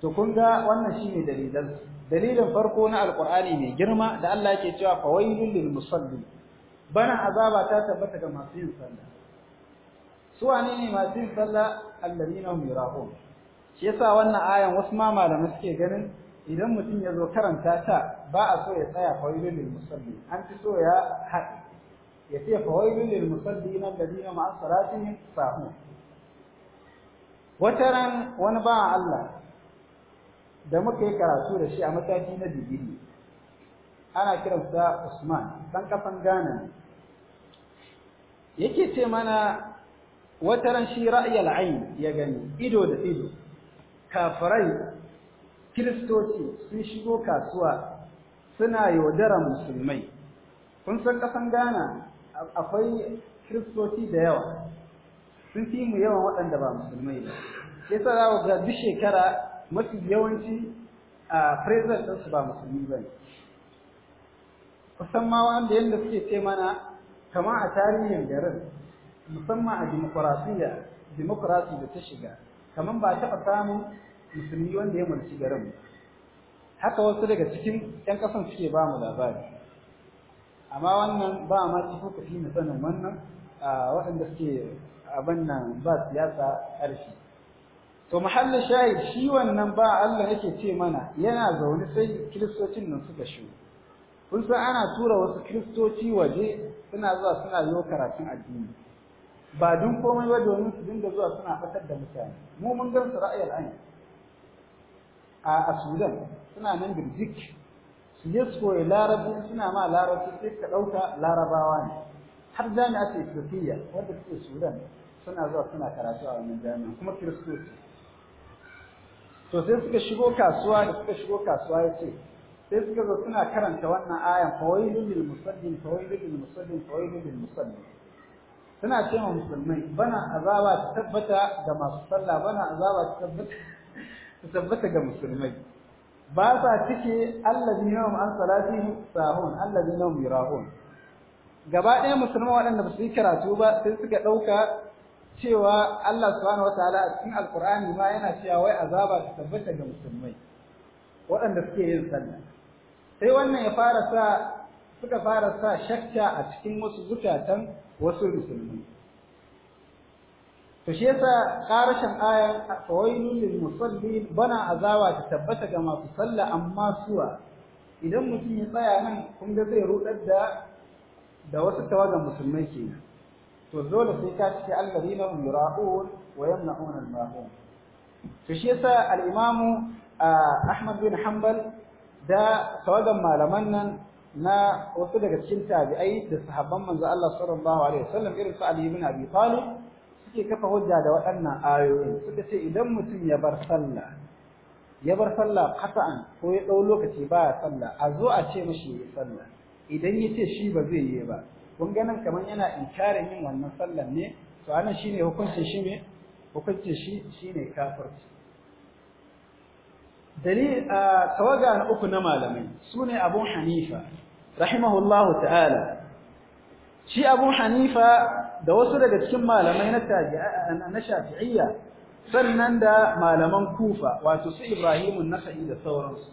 to kun ga wannan shine dalilan dalilin farko na alqur'ani mai girma da Allah yake cewa fawailul lil musallin bana azaba ta tabbata ga masu yin sallah su wane ne masu yin sallah alladina hum yurahun shi yasa wannan ayan wasu ma malamai suke ganin idan mutum ya zo karanta ta ba a so ya tsaya fawailul lil musalli an fi so ya haɗi ya ce fawailul lil musallina alladina ma'a sahu. Wata wataran wani ba Allah da muka yi karatu da shi a mataki na digiri ana kiransa Usman dan kafan Ghana yake ce mana wataran shi ra'yal ayn ya gani ido da ido kafirai kiristoci sun shigo kasuwa suna yaudara musulmai kun san kasan Ghana akwai kiristoci da yawa sun fi mu yawan waɗanda ba musulmai ba sai sa za ga duk shekara mafi yawanci a president ɗinsu ba musulmi ba ne kusan ma wanda yadda suke ce mana kama a tarihin garin musamman a dimokuraɗiyya dimokuraɗi da ta shiga kaman ba taɓa samun musulmi wanda ya mulki garin haka wasu daga cikin ƴan ƙasan suke ba mu labari amma wannan ba ma cikin kafi na sanin wannan waɗanda suke abin nan ba siyasa ƙarfi to mahallin shahid shi wannan ba Allah yake ce mana yana zaune sai kiristocin nan suka shigo kun san ana tura wasu kiristoci waje suna zuwa suna yi karatun addini ba dun komai ba domin su dinga zuwa suna fatar da mutane mu mun gan su ra'ayar an a Sudan suna nan birjik su yi su koyi larabu suna ma larabu sai ka ɗauka larabawa ne har jami'a ce Ethiopia wanda suke Sudan suna zuwa suna karatu a wannan jami'a kuma kiristoci to sai suka shigo kasuwa da suka shigo kasuwa ya ce sai suka zo suna karanta wannan ayan fawai lil musallin fawai lil musallin fawai lil musallin suna ce cewa musulmai bana azaba ta tabbata ga masu sallah bana azaba ta tabbata ga musulmai ba sa cike allazi yawm an salatihi sahun allazi yawm yirahun gaba ɗaya musulman waɗanda ba su yi karatu ba sai suka ɗauka cewa Allah subhanahu wataala a cikin alkur'ani ma yana cewa wai azaba ta tabbata ga musulmai waɗanda suke yin sallah sai wannan ya fara sa suka fara sa shakka a cikin wasu zukatan wasu musulmi to shi yasa karashin ayan fawailul lil musalli bana azawa ta tabbata ga masu sallah amma suwa idan mutum ya tsaya nan kun ga zai rudar da da wasu tawagan musulmai kenan to dole sai ka cike alladina hum yura'un wa yamna'un al-ma'un to shi yasa al-imam ah, Ahmad bin Hanbal da tawagan malaman nan na wasu daga cikin tabi'ai da sahabban manzo Allah sallallahu alaihi wasallam irin su Ali ibn Abi Talib suke kafa hujja da waɗannan ayoyin suka ce idan mutum ya bar sallah ya bar sallah qata'an ko ya dau lokaci baya sallah a zo a ce mishi ya sallah idan ya ce shi ba zai yi ba kun ganin kamar yana inkarin yin wannan sallar ne to anan shine hukuncin shi ne hukuncin shi shine kafirci a tawaga na uku na malamai sune Abu Hanifa rahimahullahu ta'ala shi Abu Hanifa da wasu daga cikin malamai na Shafi'iyya sannan da malaman Kufa wato su Ibrahim an-Nakhai da sauransu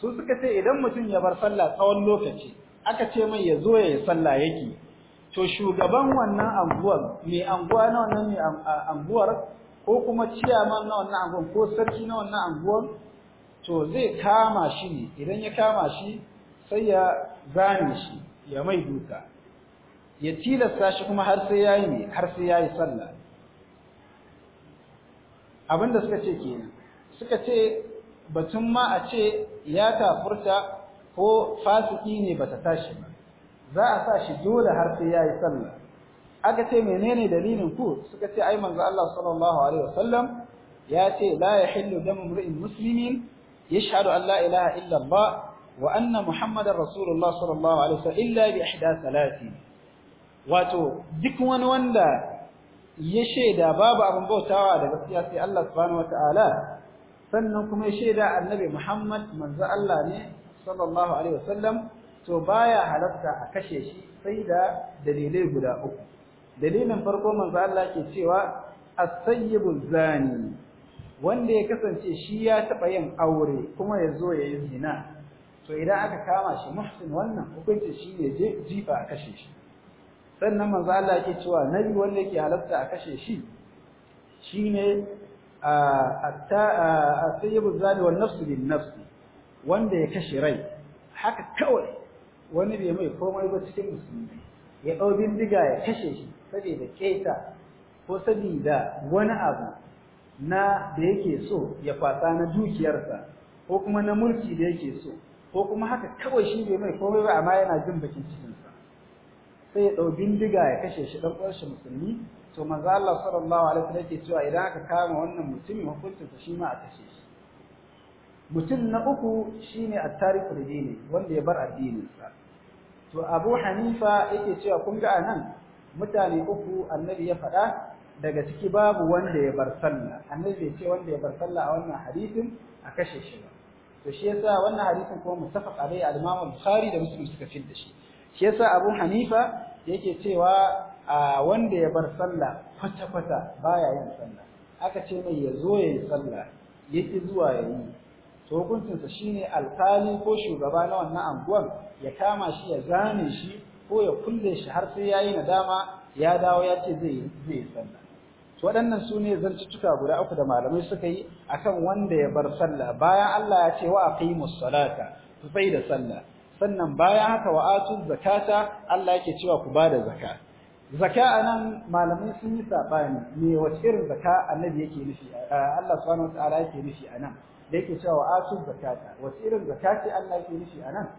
su suka ce idan mutum ya bar sallah tsawon lokaci aka ce mai ya zo ya yi sallah yake to shugaban wannan anguwar mai anguwa na wannan mai anguwar ko kuma ciyaman na wannan anguwar ko sarki na wannan anguwar to zai kama shi ne idan ya kama shi sai ya zane shi ya mai duka ya tilasta shi kuma har sai ya yi ne har sai ya yi sallah abinda suka ce kenan suka ce batun ma a ce ya tafurta, ko fasiki ne bata tashi ba za a sa shi dole har sai ya yi sallah aka ce menene dalilin ku suka ce ai manzo Allah sallallahu alaihi wasallam ya ce la yahillu damu imri'in muslimin يشهد أن لا إله إلا الله وأن محمد رسول الله صلى الله عليه وسلم إلا بإحدى ثلاث واتو دك وندا يشهد باب أبن بوتاوى دقسياتي الله سبحانه وتعالى فنكم يشهد النبي محمد من ذا الله صلى الله عليه وسلم to baya halatta a kashe shi sai da dalilai guda uku dalilin farko manzo Allah ke cewa as-sayyibu zani wanda ya kasance shi ya taɓa yin aure kuma ya zo ya yi zina to idan aka kama shi muhsin wannan hukunci shi ne jifa a kashe shi sannan manzo Allah yake cewa nabi wanda yake halatta a kashe shi shine a tayyibu zali wal nafs bin nafs wanda ya kashe rai haka kawai wani bai mai komai ba cikin musulmi ya dau bindiga ya kashe shi saboda keta ko saboda wani abu na da yake so ya kwasa na dukiyarsa ko kuma na mulki da yake so ko kuma haka kawai shi bai mai komai ba amma yana jin bakin cikinsa sai ya ɗau bindiga ya kashe shi ɗan uwanshi musulmi to manzo Allah sallallahu alaihi wasallam yake cewa idan aka kama wannan mutumin hukuncinsa shi ma a kashe shi mutum na uku shine at-tariq dini wanda ya bar addininsa to Abu Hanifa yake cewa kun ga nan? mutane uku annabi ya faɗa daga ciki babu wanda ya bar sallah annabi bai ce wanda ya bar sallah a wannan hadisin a kashe shi ba to shi yasa wannan hadisin kuma mutafaq alai al-Imam Bukhari da Muslim suka da shi shi yasa Abu Hanifa yake cewa a wanda ya bar sallah kwata kwata baya yin sallah aka ce mai ya zo yayi sallah yake zuwa ya yi, to hukuncin sa shine alkali ko shugaba na wannan anguwan ya kama shi ya zane shi ko ya kulle shi har sai yayi nadama ya dawo ya ce zai zai sallah waɗannan su ne zarcituka guda uku da malamai suka yi akan wanda ya bar sallah bayan Allah ya ce wa aqimus salata ku da sallah sannan bayan haka wa atuz zakata Allah yake cewa ku bada zaka zaka anan malamai sun yi sabani me wace irin zaka annabi yake nufi Allah subhanahu wataala yake nufi anan da yake cewa wa atuz zakata wace irin zakati Allah yake nufi anan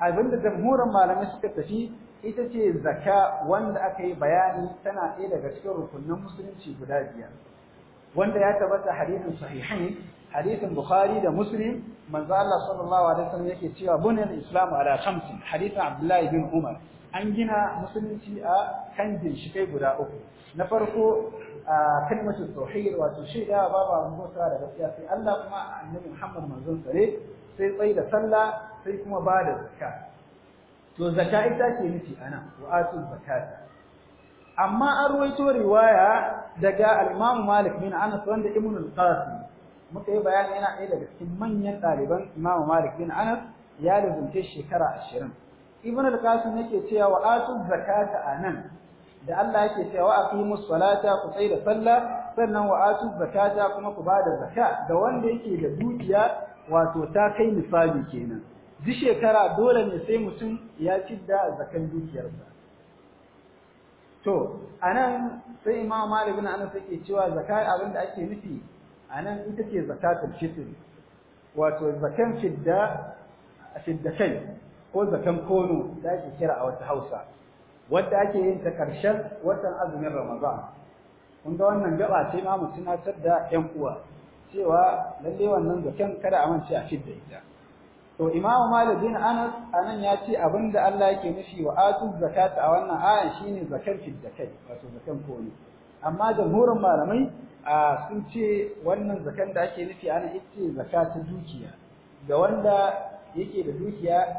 abinda jamhuran malamai suka tafi ita ce zaka wanda aka yi bayani tana ɗaya daga cikin rukunin musulunci guda biyar wanda ya tabbata hadisin sahihain hadisin bukhari da muslim manzo Allah sallallahu alaihi wasallam yake cewa bunal islam ala khamsin hadisin abdullahi bin umar an gina musulunci a kan ginshikai guda uku na farko a kalmatu tauhid wato shaida babu abin bauta da gaskiya sai Allah kuma annabi Muhammad manzon sare sai tsayi da sallah sai kuma ba da zakka to zaka ita ce nufi ana wa atu zakata amma an ruwaito riwaya daga al-Imam Malik bin Anas wanda Ibn al-Qasim muka yi bayani yana ɗaya daga cikin manyan ɗaliban Imam Malik bin Anas ya rubuta shekara 20 Ibn al-Qasim yake cewa wa atu zakata anan da Allah yake cewa wa aqimu salata ku tsaya da sallah sannan wa atu zakata kuma ku bada zakka ga wanda yake da dukiya wato ta kai misali kenan duk shekara dole ne sai mutum ya cidda zakan dukiyarsa to anan sai imam malik bin anas yake cewa zaka abin da ake nufi anan ita ce zakatul fitr wato zakan fidda fidda kai ko zakan kono da ake kira a wata Hausa wanda ake yin ta karshen watan azumin Ramadan kun ga wannan gaba ce ma mutum na da yan uwa cewa lalle wannan zakan kada a mance a fidda ita to imamu malik bin anas anan ya ce abinda Allah yake nufi wa atu zakata a wannan ayan shine zakar fi kai, wato zakan koyi amma jamhurin malamai sun ce wannan zakan da ake nufi ana ita zakata dukiya ga wanda yake da dukiya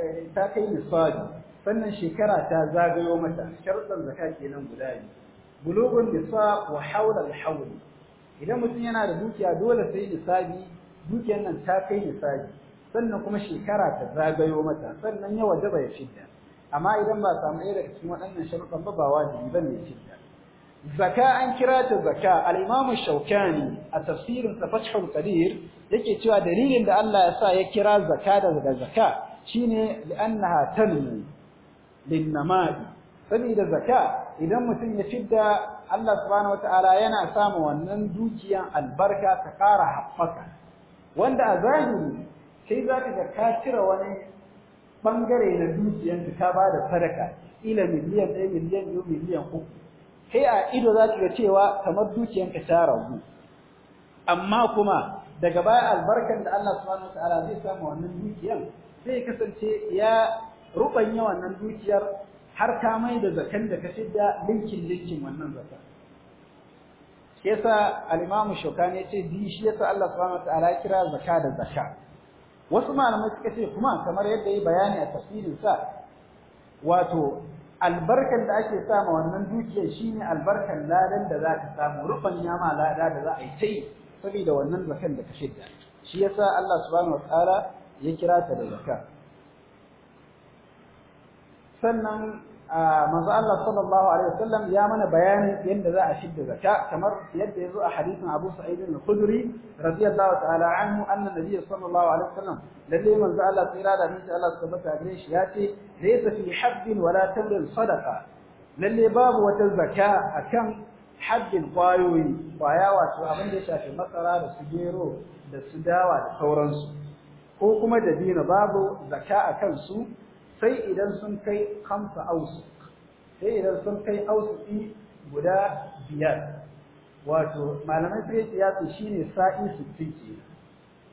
eh, ta kai nisabi sannan shekara ta zagayo mata sharuɗan zakka kenan guda biyu bulugun nisab wa hawla al-hawl idan mutum yana da dukiya dole sai nisabi dukiyar nan ta kai nisabi sannan kuma shekara ta zagayo mata sannan yawa wajaba ya fidda amma idan ba samu ɗaya daga cikin waɗannan sharuɗan ba ba wajibi bane ya fidda zaka an kira ta zaka al-Imam ne, a tafsirin sa Fathul Qadir yake cewa dalilin da Allah ya sa ya kira zaka da zaka shine li'annaha tanmi linnama'i saboda zaka idan mutum ya fidda Allah subhanahu wataala yana samu wannan dukiyan albarka ta ƙara haɓaka wanda a zahiri sai za ka ga ka cire wani ɓangare na dukiyarka ka ba da sadaka ila miliyan ɗaya miliyan biyu miliyan uku kai a ido za ka ga cewa kamar dukiyarka ta ragu amma kuma daga baya albarkar da Allah subhanahu ta'ala zai samu wannan dukiyar zai kasance ya yawan wannan dukiyar har ka mai da zakan da ka shidda linkin linkin wannan zakan yasa al-Imam Shawkani yace bi shi yasa Allah subhanahu ta'ala kira zakka da zakka wasu malamai suka ce kuma kamar yadda yi bayani a tafsirin sa wato albarkan da ake sama wannan dukiyar shine albarkan ladan da za ka samu rufan yama lada da za a yi yi saboda wannan zakan da ka shidda shi yasa Allah subhanahu wataala ya kira ta da zakka sannan manzo Allah sallallahu alaihi wasallam ya mana bayanin yadda za a shidda zakka kamar yadda yazo a hadisin Abu Sa'id al-Khudri radiyallahu ta'ala anhu anna nabiyyi sallallahu alaihi wasallam lalle manzo Allah tsira da miji Allah tabbata gare Ya ce laysa fi habbin wala tamrin sadaqa lalle babu wata zakka akan habbin kwayoyi kwaya wato abin da ya shafi masara da su gero da su dawa da sauransu ko kuma da dabino babu zakka akan su sai idan sun kai kamsa ausu sai idan sun kai ausuki guda biyar wato malamai sai kiyasu shine sa'i 60 ke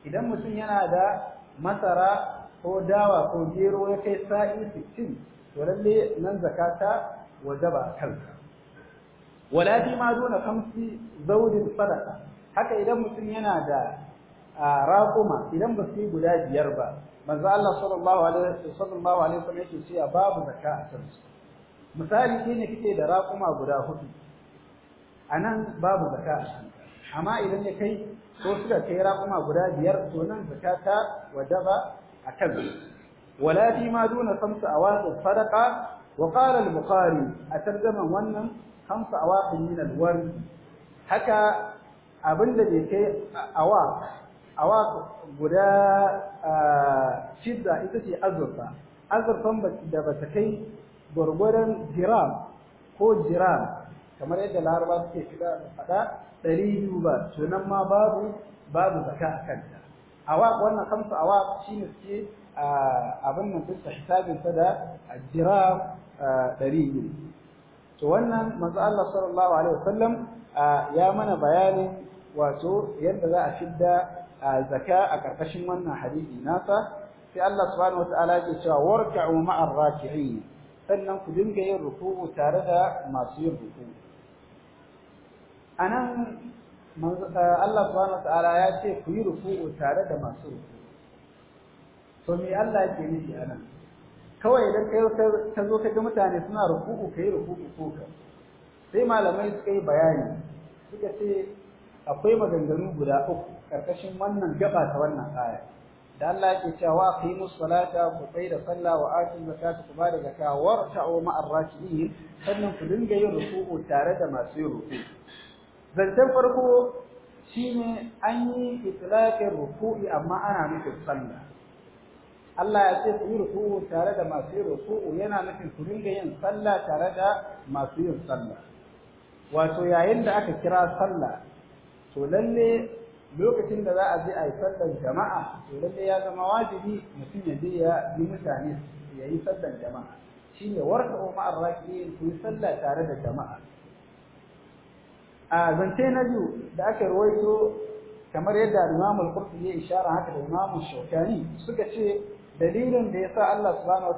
idan mutum yana da masara ko dawa ko gero ya kai sa'i 60 to lalle nan zakata wajaba kansa wala fi ma duna kamsi zaudin sadaqa haka idan mutum yana da raƙuma idan ba su yi guda biyar ba manzo Allah sallallahu alaihi sallallahu alaihi wasallam yake cewa babu zakka a kan su misali shine kike da raƙuma guda hudu anan babu zakka a kan amma idan ya kai ko suka kai raƙuma guda biyar to nan zakka ta wajaba a kan su ولا فيما دون خمس أواق صدقة وقال البخاري أترجم ونم خمس أواق من الورد حكى abin da bai kai awaq awa guda shidda ita ce azurfa azurfan da ba ta kai gwargwaron jiram ko jiram kamar yadda laraba suke shiga faɗa ɗari biyu ba sunan ma babu babu zaka a kanta awa wannan kamsa awa shi ne suke abin nan duk da hisabinsa da jiram ɗari biyu to wannan manzo Allah sallallahu alaihi wasallam ya mana bayanin wato yadda za a shidda zaka a ƙarƙashin wannan hadisi nasa sai Allah subhanahu wataala yake cewa warka'u ma'ar raki'in sannan ku dinga yin ruku'u tare da masu yin ruku'u anan eh, Allah subhanahu wataala ya ce ku yi ruku'u tare da masu ruku'u to me Allah yake nufi anan kawai idan kai ka zo ka ga mutane suna ruku'u kai ruku'u ko ka sai malamai suka yi bayani suka ce akwai maganganu guda uku karkashin wannan gaba ta wannan aya da Allah yake cewa aqimus salata ku tsaya da sallah wa atuz zakata ku bada zakka warta'u ma'ar raki'in sannan ku dinga yin ruku'u tare da masu yin ruku'u zancen farko shine an yi itlaqin ruku'i amma ana nufin sallah Allah ya ce ku yi ruku'u tare da masu yin ruku'u yana nufin ku dinga yin sallah tare da masu yin sallah wato yayin da aka kira sallah to lalle lokacin da za a je a yi sallar jama'a to lalle ya zama wajibi mutum ya je ya bi mutane ya yi sallar jama'a shine warka ma'ar rakiyin ku yi sallah tare da jama'a a zance na biyu da aka rawaito kamar yadda Imam al ya ishara haka da Imam shaukani suka ce dalilin da ya sa Allah subhanahu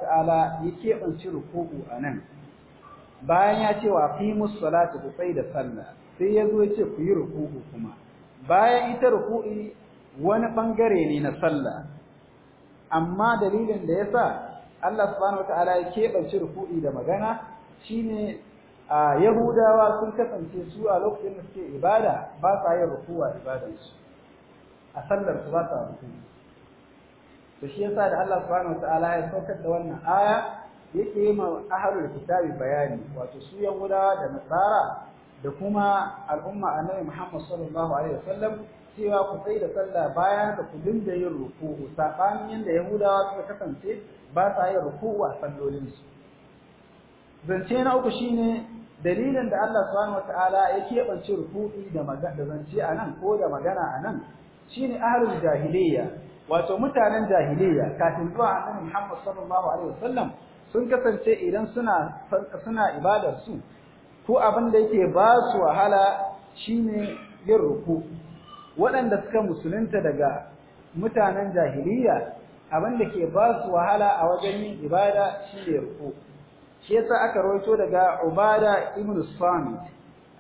ya keɓance ruku'u a nan bayan ya ce wa musu salatu ku da sallah sai ya zo ya ce ku yi rukuku kuma bayan ita ruku'i wani ɓangare ne na sallah amma dalilin da yasa Allah subhanahu wataala ya keɓance ruku'i da magana shine a Yahudawa sun kasance su a lokacin da suke ibada ba sa yin rukuwa ibadarsu a sallar su ba sa ruku'i. to shi yasa da Allah subhanahu wataala ya saukar da wannan aya yake yi ma ahlul kitabi bayani wato su Yahudawa da Nasara da kuma al'umma annabi Muhammad sallallahu alaihi wasallam cewa ku sai da sallah bayan da ku dinga yin ruku'u sabanin yanda Yahudawa suka kasance ba sa yin ruku'u a sallolin su zance na uku shine dalilin da Allah subhanahu wataala ya keɓance ruku'i da magana da zance ko da magana a nan, shine ahlul jahiliyya wato mutanen jahiliyya kafin zuwa annabi Muhammad sallallahu alaihi wasallam sun kasance idan suna suna ibadar su su abin da yake ba su wahala shi ne yin ruku waɗanda suka musulunta daga mutanen jahiliya abin da ke ba su wahala a wajen yin ibada shi ne ruku shi yasa aka rawaito daga Ubada ibn Samit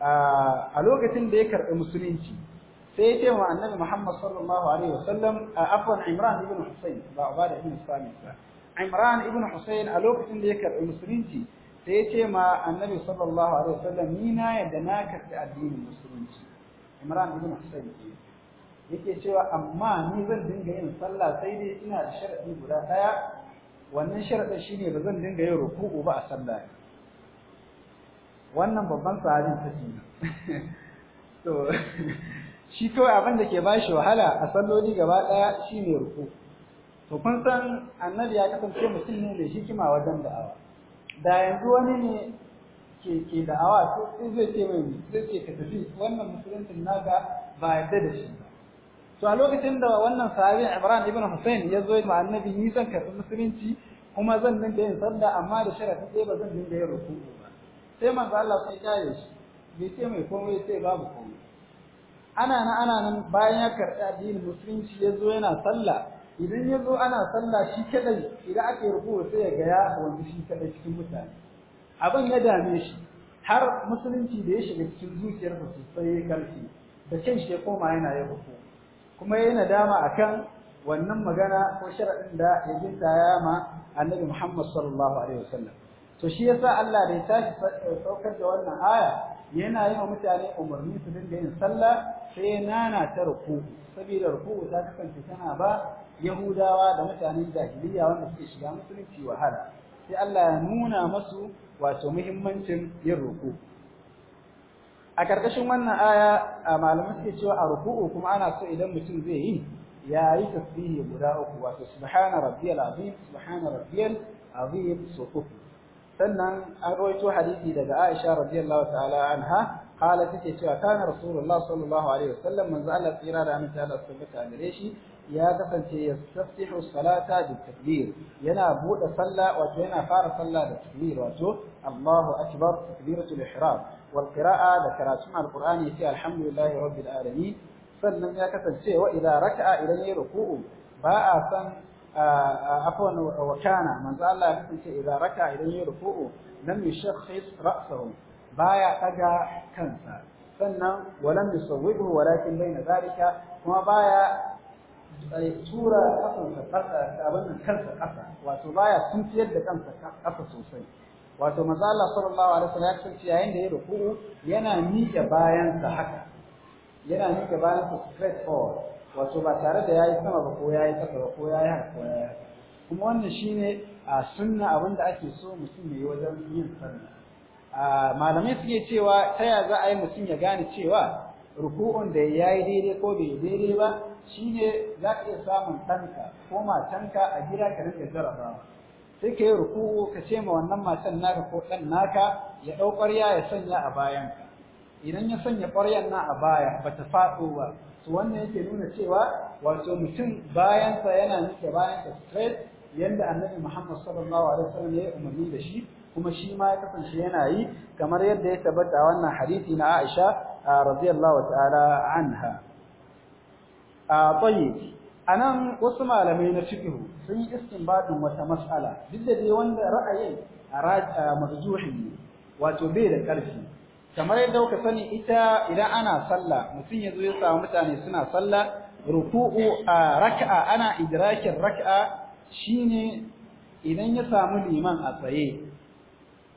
a lokacin da ya karɓi musulunci sai ya ce wa annabi Muhammad sallallahu alaihi wasallam afwan Imran ibn Hussein ba Ubada ibn Samit ba Imran ibn Hussein a lokacin da ya karɓi musulunci sai ce ma annabi sallallahu alaihi wasallam ni na yadda na karɓi addinin musulunci imran ibn ke yake cewa amma ni zan dinga yin sallah sai dai ina da sharadi guda daya wannan sharadin shine ba zan dinga yin ruku'u ba a sallah wannan babban sahabin take to shi kawai abin da ke ba shi wahala a salloli gaba daya shine ruku'u to kun san annabi ya kasance mutum ne mai hikima wajen da'awa da yanzu wani ne ke ke awa to sai zai ce mai zai ce ka tafi wannan musuluncin naga ba yadda da shi ba to a lokacin da wannan sahabi Ibrahim ibn Hussein ya zo ma annabi ni zan karɓi musulunci kuma zan dinga yin sallah amma da sharafi sai ba zan dinga yin ruku'u ba sai manzo Allah sai kare shi bai ce mai komai sai babu komai ana nan ana nan bayan ya karɓi addinin musulunci ya zo yana sallah idan ya zo ana sallah shi kadai idan aka yi sai ya ga ya wanda shi kadai cikin mutane abin ya dame shi har musulunci da ya shiga cikin zuciyarsa sosai ya karfi da kan shi ya koma yana ya rufu kuma ya yi nadama kan wannan magana ko sharaɗin da ya ji ya ma annabi Muhammad sallallahu alaihi wasallam to shi yasa Allah da ya tashi saukar da wannan aya yana yi wa mutane umarni su dinga yin sallah sai nana ta ruku saboda ruku ta kasance tana ba yahudawa da mutanen jahiliya wanda suke shiga musulunci wahala sai Allah ya nuna masu wato muhimmancin yin ruku a karkashin wannan aya a malaman suke cewa a ruku'u kuma ana so idan mutum zai yi ya yi tasbihi guda uku wato subhana rabbiyal azim subhana rabbiyal azim so uku sannan an rawaito hadisi daga Aisha radiyallahu ta'ala anha قالت تتي cewa kana rasulullah sallallahu alaihi wasallam manzo Allah tsira da aminta Allah subhanahu wa ta'ala shi ya kasance ya sassihu salata da takbir yana buɗe sallah wato yana fara sallah da takbir wato Allahu akbar takbiratul ihram wal qira'a da karatun alqur'ani sai alhamdulillahi rabbil alamin sannan ya kasance wa idza raka'a idan ya ruku'u ba a san afwan wa kana manzo Allah ya kasance idza raka'a idan ya ruku'u lam yushakhis ra'sahu baya daga kansa sannan walam yusawwihu walakin bayna zalika kuma baya tura kafansa kasa abin nan kansa kasa wato baya tuntiyar da kansa kasa sosai wato maza Allah sallallahu alaihi wasallam ya kasance yayin da ya ruku'u yana miƙe bayansa haka yana miƙe bayansa straight forward wato ba tare da yayi sama ba ko yayi kasa ba ko yayi haka ko yayi haka kuma wannan shine a sunna abin da ake so mutum yayi wajen yin sallah malamai suke cewa ta ya za a yi mutum ya gane cewa ruku'un da yayi daidai ko bai daidai ba Shi ne za ka iya samun ɗanka ko matanka a gida ka rinka jaraba sai ka yi ruku'u ka ce ma wannan matan naka ko ɗan naka ya ɗau ƙwarya ya sanya a ka, idan ya sanya ƙwaryan na a baya ba ta faɗo ba to wannan yake nuna cewa wato mutum bayansa yana nike bayansa straight yadda annabi Muhammad sallallahu alaihi wasallam ya yi umarni da shi kuma shi ma ya kasance yana yi kamar yadda ya tabbata wannan hadisi na Aisha radiyallahu ta'ala anha a tayyib anan wasu malamai na fiqh sun yi iskin baɗin wata matsala. duk da dai wanda ra'ayin marjuhi ne wato bai da ƙarfi kamar yadda kuka sani ita idan ana sallah mutum ya zo ya samu mutane suna sallah ruku'u a raka'a ana idrakin raka'a shine idan ya samu liman a tsaye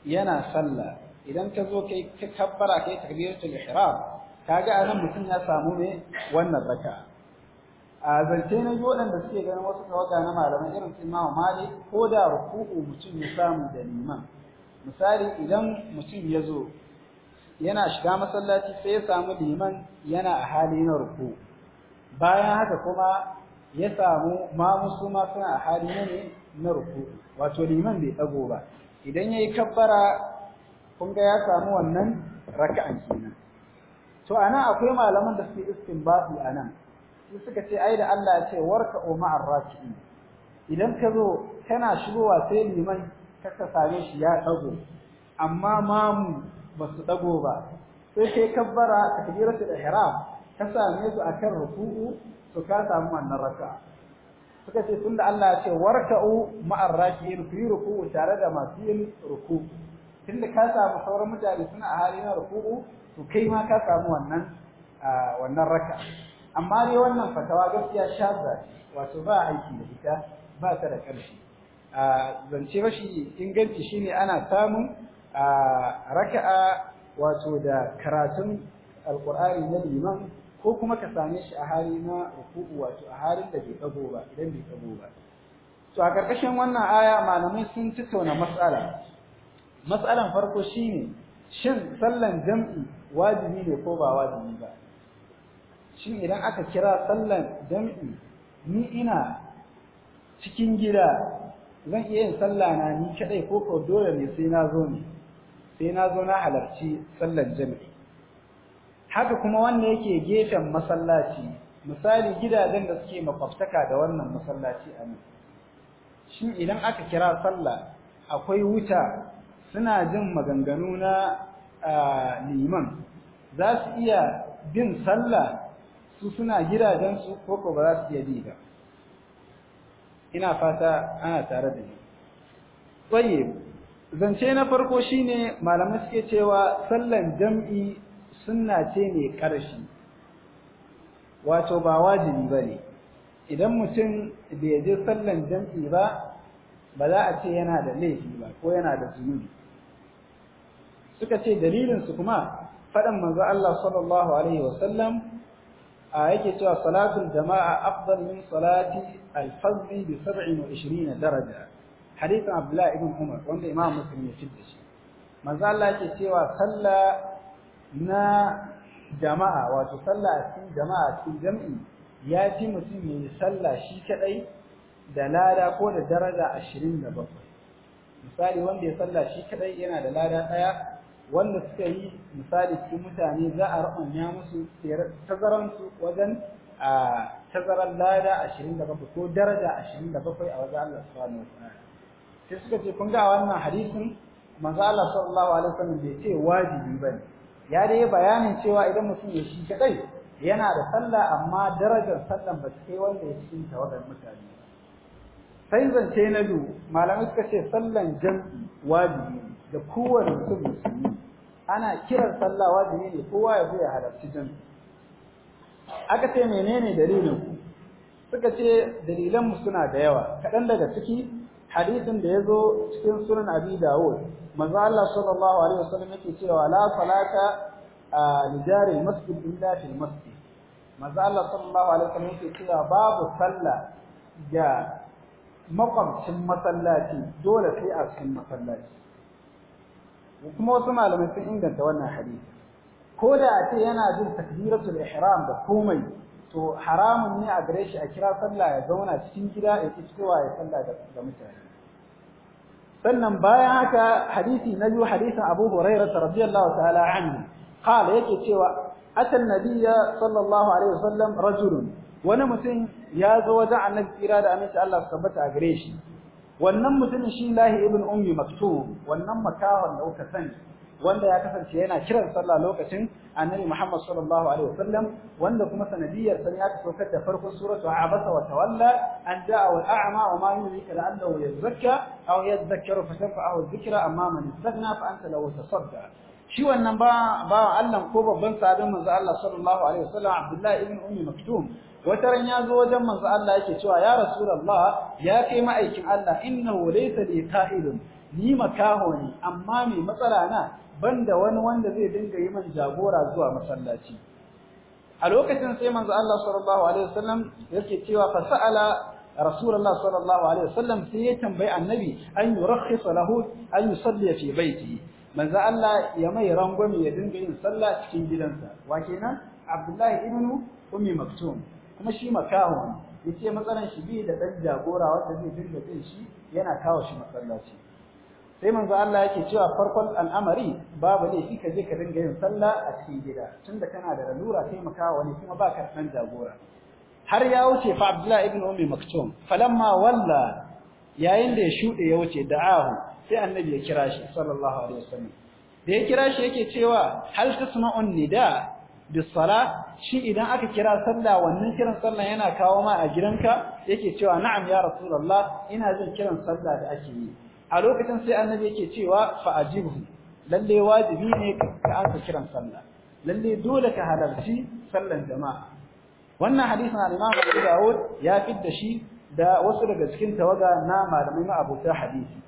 yana sallah idan ka zo kai ka a kai takbiratul ihram kaga anan mutum ya samu ne wannan raka'a a zance na biyu waɗanda suke ganin wasu tawaga na malaman irin su imamu malik ko da ruku'u mutum ya samu da liman misali idan mutum ya zo yana shiga masallaci sai ya samu liman yana a hali na ruku bayan haka kuma ya samu mamusu ma suna a hali ne na ruku wato liman bai ɗago ba idan ya yi kabbara kun ga ya samu wannan raka'an kenan to ana akwai malaman da suke a nan. su suka ce ai da Allah ya ce warka o ma'ar idan ka zo kana shigowa sai liman ka ka same shi ya dago amma mamu ba su dago ba sai kai kabbara a da ihram ka same su akan ruku'u to ka samu wannan raka'a suka ce tunda Allah ya ce warka'u ma'ar raki'in fi ruku'u tare da masu yin ruku'u tunda ka samu sauran mutane suna a na ruku'u to kai ma ka samu wannan ah, wannan raka'a amma dai wannan fatawa gaskiya shaza wato ba aiki da ita ba ta da ƙarshe. a zance shi inganci shine ana samun a raka'a wato da karatun alqur'ani na liman ko kuma ka same shi a hali na ruku'u wato a halin da bai tsago ba idan bai tsago ba to a ƙarƙashin wannan aya malamai sun tattauna matsala matsalan farko shine shin sallan jam'i wajibi ne ko ba wajibi ba shi idan aka kira sallan jam'i ni ina cikin gida zan iya yin sallah na ni kaɗai, ko ko dole ne sai na zo ne sai na zo na halarci sallan jam'i haka kuma wanda yake gefen masallaci misali gidajen da suke makwabtaka da wannan masallaci a nan shin idan aka kira sallah akwai wuta suna jin maganganu na ah, liman za su iya bin sallah su suna gidajensu ko ko ba za su iya bi ba ina fata ana tare da ni Kwaye. zance na farko shine malamai suke cewa sallan jam'i sunna ce mai ƙarshi wato ba wajibi bane idan mutum bai je sallan jam'i ba ba za a ce yana da laifi ba ko yana da zunubi suka ce dalilin su kuma faɗan manzo Allah sallallahu alaihi wasallam a yake cewa salatul jama'a afdal min salati al-fajr bi 27 daraja hadith Abdullah ibn Umar wanda Imam Muslim ya fitta shi manzo Allah yake cewa sallah na jama'a wato sallah cikin jama'a cikin jami'i ya fi mutum ya yi sallah shi kadai da lada ko da daraja 27 misali wanda ya sallah shi kadai yana da lada daya wanda suka yi misali cikin mutane za a rubanya musu tazaransu wajen a tazaran lada 27 ko daraja 27 a wajen Allah subhanahu wa ta'ala sai suka ce kun ga wannan hadisin manzo Allah sallallahu alaihi wasallam bai ce wajibi ne. ya dai bayanin cewa idan mutum ya shi kadai yana da sallah amma darajar sallan ba kai wanda ya cikin tawagar mutane sai zance na biyu malamai suka ce sallan jam'i wajibi da kowane mutum musulmi ana kiran sallah wajibi ne kowa ya zo ya halarci jami'i aka ce menene dalilin ku suka ce dalilan mu suna da yawa kaɗan daga ciki hadisin da ya zo cikin sunan abi dawud manzo Allah sallallahu alaihi wasallam yake cewa la salata li jari masjid illa fil masjid manzo Allah sallallahu alaihi wasallam yake cewa babu sallah ga makwabcin masallaci dole sai a cikin masallaci kuma wasu malamai sun inganta wannan hadisi ko da a ce yana jin takbiratul ihram da komai to haramun ne a gare shi a kira sallah ya zauna cikin gida ya ci cewa ya sallah da mutane sannan bayan haka hadisi na biyu hadisin Abu Hurairah radiyallahu ta'ala anhu qala yake cewa atan nabiyya sallallahu alaihi wasallam rajulun wani mutum ya zo wajen annabi tsira da aminci Allah su tabbata a gare shi wannan mutumin shi lahi ibn ummi maktub wannan makawan da kuka sani wanda ya kasance yana kiran sallah lokacin annabi Muhammad sallallahu alaihi wasallam wanda kuma sanadiyar san ya saukar da farkon suratu abasa wa tawalla an da'a wal a'ma wa ma yudrika la'allahu yazakka aw yadhakkaru fa tanfa'ahu dhikra amma man istaghna fa anta lahu tasadda shi wannan ba ba Allah ko babban sahabin manzo Allah sallallahu alaihi wasallam Abdullah ibn Ummi Maktum wata ran ya zo wajen manzo Allah yake cewa ya rasulullah ya kai ma'aikin Allah innahu laysa li qa'ilun ni makaho ne amma me matsala na banda wani wanda zai dinga yi man jagora zuwa masallaci a lokacin sai manzo Allah sallallahu alaihi wasallam yake cewa fa sa'ala rasulullah sallallahu alaihi wasallam sai ya tambayi annabi an yurakhis lahu an yusalli fi baiti manzo Allah ya mai rangwame ya dinga yin sallah cikin gidansa wa kenan Abdullahi ibn Ummi Maktum kuma shi makaho ya ce matsalan shi bi da ɗan jagora wanda zai dinga kai shi yana kawo shi masallaci sai manzo Allah yake cewa farkon al'amari babu ne ka je ka dinga yin sallah a cikin gida tunda kana da lura sai makaho ne kuma baka san jagora har ya wuce fa Abdullah ibn Ummi Maktum falamma walla yayin da ya shude ya wuce da'ahu sai annabi ya kira shi sallallahu alaihi wasallam da ya kira shi yake cewa hal tasma'un nida bisala shi idan aka kira sallah wannan kiran sallah yana kawo ma a gidanka yake cewa na'am ya rasulullah ina jin kiran sallah da ake yi a lokacin sai annabi yake cewa fa ajibu lalle wajibi ne ka aka kiran sallah lalle dole ka halarci sallan jama'a wannan hadisin al-Imam Abu Dawud ya fidda shi da wasu daga cikin tawaga na malamai ma abota hadisi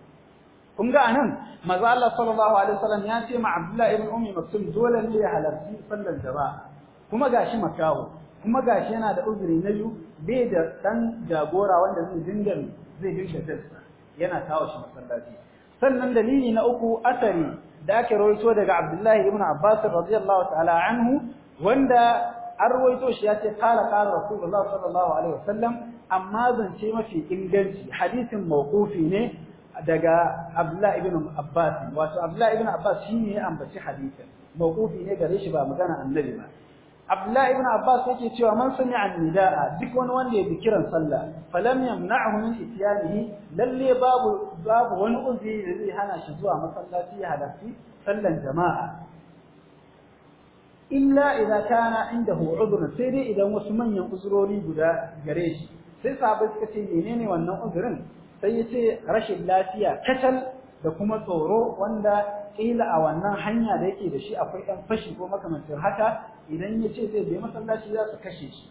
kun ga anan manzo Allah sallallahu alaihi wasallam ya ce ma Abdullah ibn Ummi Maktum dole ne ya halarci sallar jama'a kuma gashi makawo kuma gashi yana da uzuri na yu bai da dan jagora wanda zai dinga zai dinga tsarsa yana kawo shi masallaci sannan dalili na uku asari da ake rawaito daga Abdullah ibn Abbas radiyallahu ta'ala anhu wanda an rawaito shi ya ce qala qala Rasulullah sallallahu alaihi wasallam amma zance mafi inganci hadisin mawqufi ne daga Abdullah ibn Abbas wato Abdullah ibn Abbas shine ya ambaci hadisin mawqufi ne gare shi ba magana annabi ba Abdullah ibn Abbas yake cewa man sani an-nidaa duk wani wanda ya kiran sallah falam yamna'hu min ityanihi lalle babu babu wani uzi da zai hana shi zuwa masallaci ya halarci sallan jama'a illa tana kana indahu udhrun sai dai idan wasu manyan uzurori guda gare shi sai sabai suka ce menene wannan uzurin sai ya ce rashin lafiya kacal da kuma tsoro wanda ƙila a wannan hanya da yake da shi akwai ɗan fashi ko makamancin haka idan ya ce zai je masallaci za su kashe shi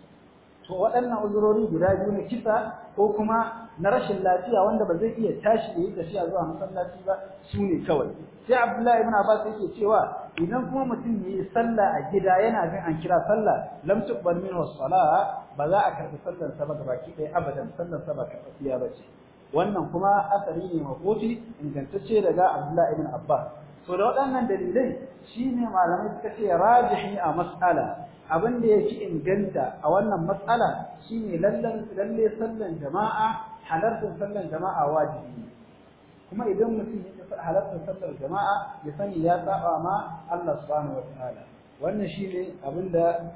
to waɗannan uzurori guda biyu na kisa ko kuma na rashin lafiya wanda ba zai iya tashi da yi tafiya zuwa masallaci ba su ne kawai sai abdullahi ibn abbas yake cewa idan kuma mutum ya yi sallah a gida yana jin an kira sallah lam tuqbal minhu salah ba za a karɓi sallar sa ba ki ɗaya abadan sallar sa ba karɓi ba ce wannan kuma asali ne mafuti ingantacce daga Abdullah ibn Abbas to da waɗannan dalilai shine malamai suka ce rajihi a mas'ala abin da yake inganta a wannan mas'ala shine lallan lalle sallan jama'a halartar sallan jama'a wajibi ne kuma idan mutum ya halartar sallar jama'a ya sani ya saba ma Allah subhanahu wataala wannan shine abin da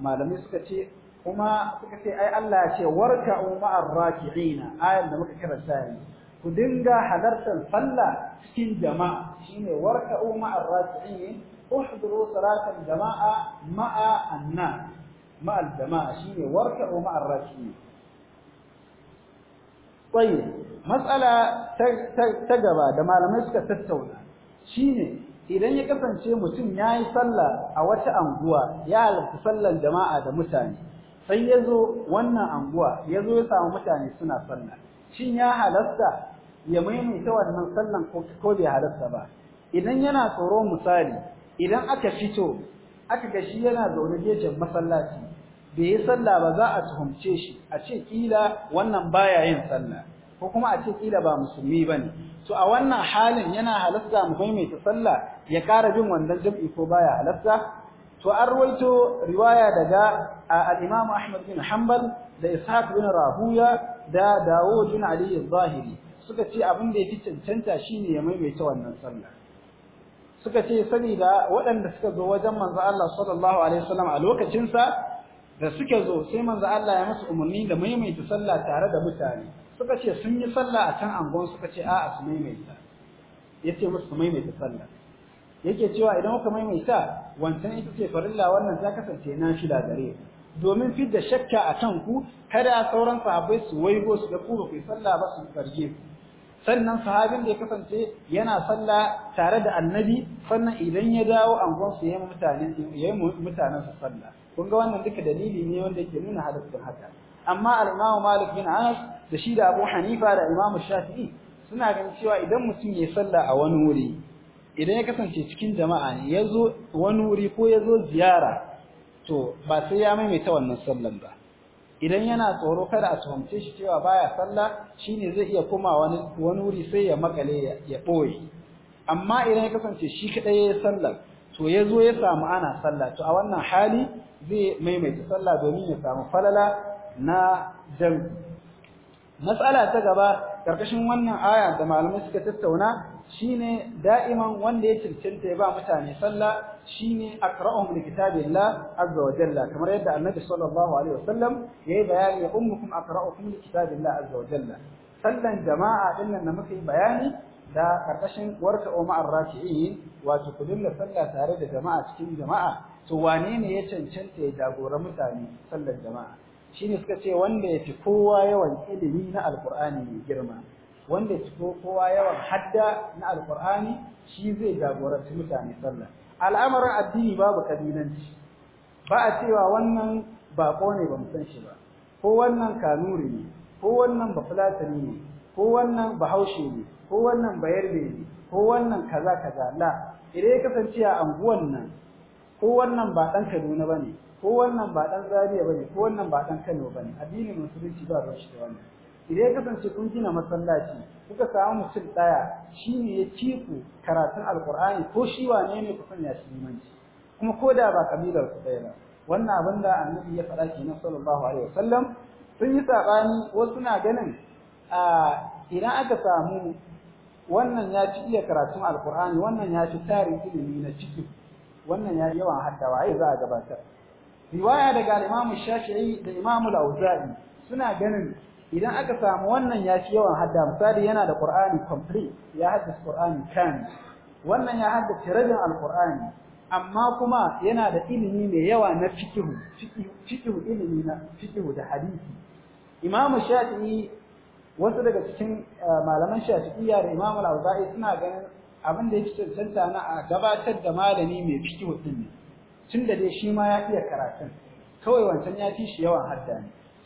malamai suka ce kuma suka ce ai Allah ya ce warka'u ma'ar raki'ina ayan da muka karanta ne. ku dinga halartar sallah cikin jama'a shine warka'u ma'ar raki'in uhduru salatan jama'a ma'a anna ma'a jama'a shine warka umar raki'in tayyib mas'ala ta gaba da malamai suka tattauna shine idan ya kasance mutum yayi sallah a wata anguwa ya halarta sallar jama'a da mutane sai ya zo wannan anguwa ya zo ya samu mutane suna sallah shin ya halasta ya maimaita wannan sallan ko bai halasta ba idan yana tsoro misali idan aka fito aka gashi yana zaune gefen masallaci bai yi sallah ba za a tuhumce shi a ce kila wannan baya yin sallah ko kuma a ce kila ba musulmi ba ne, to a wannan halin yana halasta mu maimaita sallah ya ƙara bin wannan jam'i ko baya halasta to an ruwaito riwaya daga a imam Ahmad bin Hanbal da Ishaq bin Rahuya da Dawud bin Ali al-Zahiri suka ce abin da ya fi cancanta shine ya maimaita wannan sallah suka ce da waɗanda suka zo wajen manzo Allah sallallahu alaihi wasallam a lokacinsa da suke zo sai manzo Allah ya musu umarni da maimaita sallah tare da mutane suka ce sun yi sallah a can angon suka ce a'a su maimaita ce musu maimaita sallah yake cewa idan kuka maimaita wancan ita ce farilla wannan ta kasance na nafila gare domin fi da shakka a kan ku kada sauran sahabbai su waigo su ga ku ku sallah ba su farje sannan sahabin da ya kasance yana sallah tare da annabi sannan idan ya dawo angon su yayi mutanen yayi mutanen su sallah kun ga wannan duka dalili ne wanda yake nuna hadisin haka amma al-Imam Malik bin Anas da shi da Abu Hanifa da Imam Shafi'i suna ganin cewa idan mutum ya sallah a wani wuri idan ya kasance cikin jama'a ya zo wani wuri ko ya zo ziyara to ba sai ya maimaita wannan sallan ba idan yana tsoro kada a tuhumce shi cewa baya sallah shine zai iya koma wani wuri sai ya makale ya boye amma idan ya kasance shi kadai ya sallah to ya zo ya samu ana sallah to a wannan hali zai maimaita sallah domin ya samu falala na jan matsala ta gaba karkashin wannan aya da malamai suka tattauna shine da'iman wanda ya cancanta ya ba mutane sallah shine aqra'uhum likitabillah azza wa jalla kamar yadda annabi sallallahu alaihi wasallam yayi bayani ya ummukum aqra'ukum likitabillah azza wa jalla sallan jama'a dinnan da muka yi bayani da karkashin warka o ma'ar raki'in wato kudin sallah tare da jama'a cikin jama'a to wane ne ya cancanta ya jagora mutane sallar jama'a shine suka ce wanda yafi kowa yawan ilimi na alqur'ani mai girma wanda ci kowa yawan hadda na alqur'ani shi zai jagoranci mutane sallah al'amarin addini babu kabilanci ba a cewa wannan baƙo ne ba mu san shi ba ko wannan kanuri ne ko wannan bafulatani ne ko wannan bahaushe ne ko wannan bayarbe ne ko wannan kaza kaza la idan ya kasance a anguwan nan ko wannan ba dan Kaduna bane ko wannan ba dan Zaria bane ko wannan ba dan Kano bane addinin musulunci ba ruwan shi da wannan idan kasance kun gina masallaci kuka samu mutum daya shine ya ci ku karatun alqur'ani ko shi wane ne ku sanya shi limanci kuma ko da ba kabilar ku ɗaya ba wannan abin da annabi ya ki na sallallahu alaihi wasallam sun yi sabani wasu na ganin a idan aka samu wannan ya ci iya karatun alqur'ani wannan ya ci tarin ilimi na ciki wannan ya yawan haddawa ai za a gabatar riwaya daga al-Imam Shafi'i da Imam al suna ganin idan aka samu wannan ya fi yawan hadda misali yana da qur'ani complete ya haddace qur'ani kan wannan ya haddace rabin alqur'ani amma kuma yana da ilimi mai yawa na fiqh fiqh ilimi na fiqh da hadisi imam shafi'i wasu daga cikin eh, malaman shafi'iyya da imam al-auza'i suna ganin abin da yake cancanta na a gabatar da malami mai fiqh din ne tunda dai shi ma ya iya karatun kawai wancan ya fi shi yawan hadda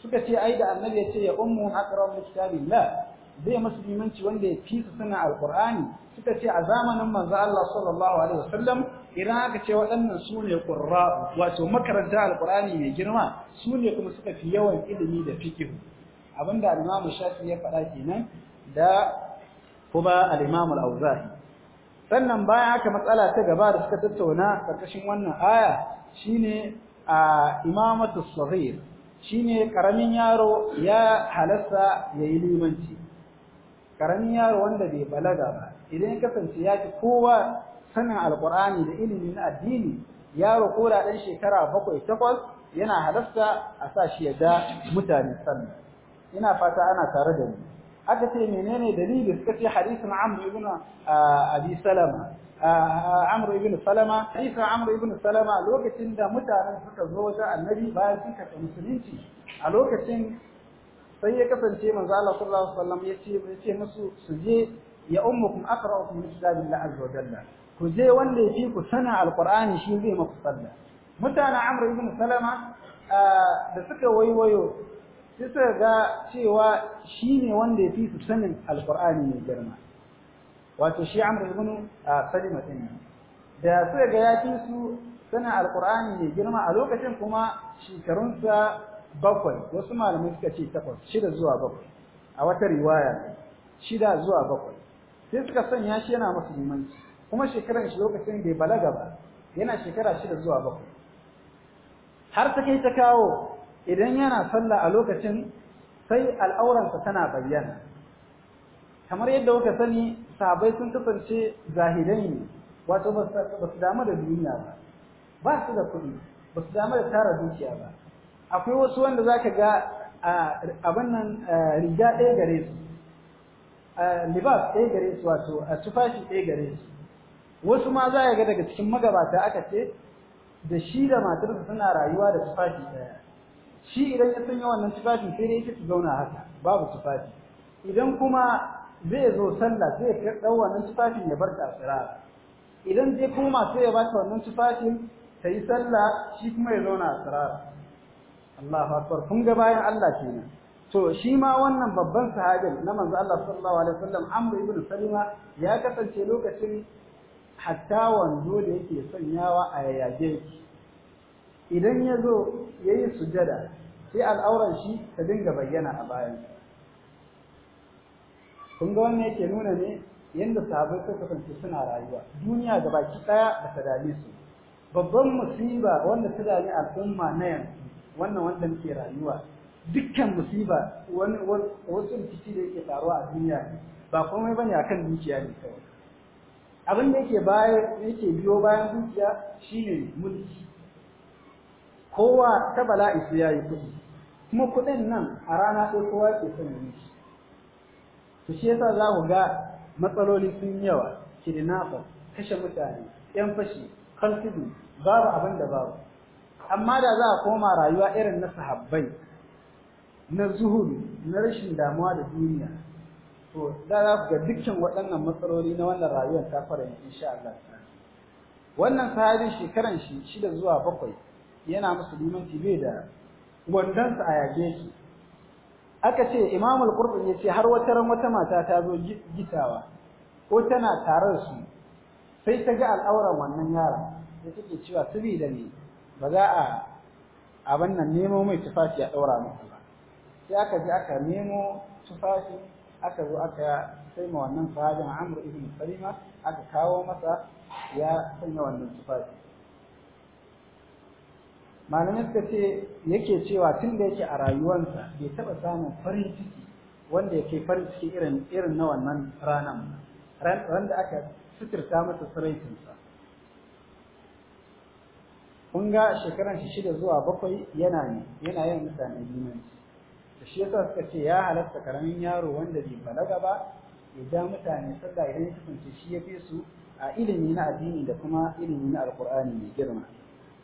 suka ce ai da annabi ya ce ya ummu aqra'u kitabillah zai musulmanci wanda ya fi su suna alqur'ani suka ce a zamanin manzo Allah sallallahu alaihi wasallam idan aka ce waɗannan su ne qurra wato makaranta alqur'ani mai girma su ne kuma suka fi yawan ilimi da fiqh abinda al-Imam Shafi ya faɗa kenan da kuma al-Imam al-Auza'i sannan bayan haka matsala ta gaba da suka tattauna karkashin wannan aya shine a imamatu saghir shine karamin yaro ya halasta yayi limanci karamin yaro wanda bai balaga ba idan ya kasance ya ci kowa sanin alqur'ani da ilimi na addini yaro ko da dan shekara bakwai takwas yana halasta a sa shi ya da mutane sannan ina fata ana tare da ni aka ce menene dalili suka ce hadisin amr ibn ah, abi salama Amr ibn Salama Isa Amr ibn Salama lokacin da mutanen suka zo wajen Annabi bayan suka ta musulunci a lokacin sai ya kasance manzo Allah sallallahu alaihi wasallam ya ce ya ce musu su je ya ummukum aqra'u min kitabillahi azza wa jalla ku je wanda yafi ku sana alqur'ani shi zai maku sallah mutanen Amr ibn Salama da suka waiwayo sai suka ga cewa shi ne wanda yafi su sanin alqur'ani mai girma wato shi amr ibn ah, salima din da suka ga ya su sana alqur'ani ne girma a lokacin kuma shekarunsa bakwai wasu malamai suka ce takwas shida zuwa bakwai a wata riwaya shida zuwa bakwai sai suka sanya shi yana musulmanci kuma shekaran shi lokacin bai balaga ba yana shekara shida zuwa bakwai har ta kai ta kawo idan yana sallah a lokacin sai al'auransa tana bayyana kamar yadda kuka sani sabai sun kasance zahirai ne wato ba su damu da duniya ba ba su da kuɗi ba su damu da tara dukiya ba akwai wasu wanda za ka ga abin nan riga ɗaya gare su libas ɗaya gare su wato a tufafi ɗaya gare su wasu ma za ga daga cikin magabata aka ce da shi da matarsa suna rayuwa da tufafi ɗaya shi idan ya sanya wannan tufafin sai dai su zauna haka babu tufafi idan kuma zai zo sallah sai ka dau wannan tufafin ya bar ta idan zai koma sai ya bata wannan tufafin ta yi sallah shi kuma ya zauna a Allahu akbar kun ga bayan Allah kenan to shi ma wannan babban sahabin na manzo Allah sallallahu alaihi wasallam Amr ibn Salima ya kasance lokacin hatta wanzo da yake sanyawa a yayage idan ya zo yayi sujada sai al'auran shi ta dinga bayyana a bayansa kun ga wannan yake nuna ne yadda sabon suka suna rayuwa duniya da baki daya ba ta dame su babban musiba wanda ta dame al'umma na yanzu wannan wanda muke rayuwa dukkan musiba wani wasu rikici da yake faruwa a duniya ne ba komai bane akan dukiya ne kawai abin da yake biyo bayan dukiya shine mulki kowa ta bala'i ya yayi kuɗi kuma kuɗin nan a rana ɗaya kowa ke son yi to shi yasa za ku ga matsaloli sun yawa kidnapper kashe mutane yan fashi kalfidu babu abin da babu amma da za a koma rayuwa irin na sahabbai na zuhuri na rashin damuwa da duniya to da za ku ga dukkan waɗannan matsaloli na wannan rayuwar ta fara insha Allah wannan sahabin shekaran shi shida zuwa bakwai yana musulmanci bai da wandansa a yage shi aka ce Imam al-Qurtubi yace har wata ran wata mata ta zo gitawa ko tana tarar su sai ta ga al'auran wannan yaran, sai take cewa saboda ne ba za a abin nan nemo mai tufafi a daura masa ba sai aka ji aka nemo tufafi aka zo aka sai ma wannan sahabin Amr ibn Salima aka kawo masa ya sanya wannan tufafi Malamin suka ce yake cewa tun da yake a rayuwarsa bai taɓa samun farin ciki wanda ya kai farin ciki irin irin na wannan ranan ran da aka suturta masa saraitinsa kun ga shekaran shi shida zuwa bakwai yana ne yana yin mutane limanci da shi yasa suka ce ya halatta karamin yaro wanda bai balaga ba ya ja mutane sallah idan ya kasance shi ya fi su a ilimi na addini da kuma ilimi na alkur'ani mai girma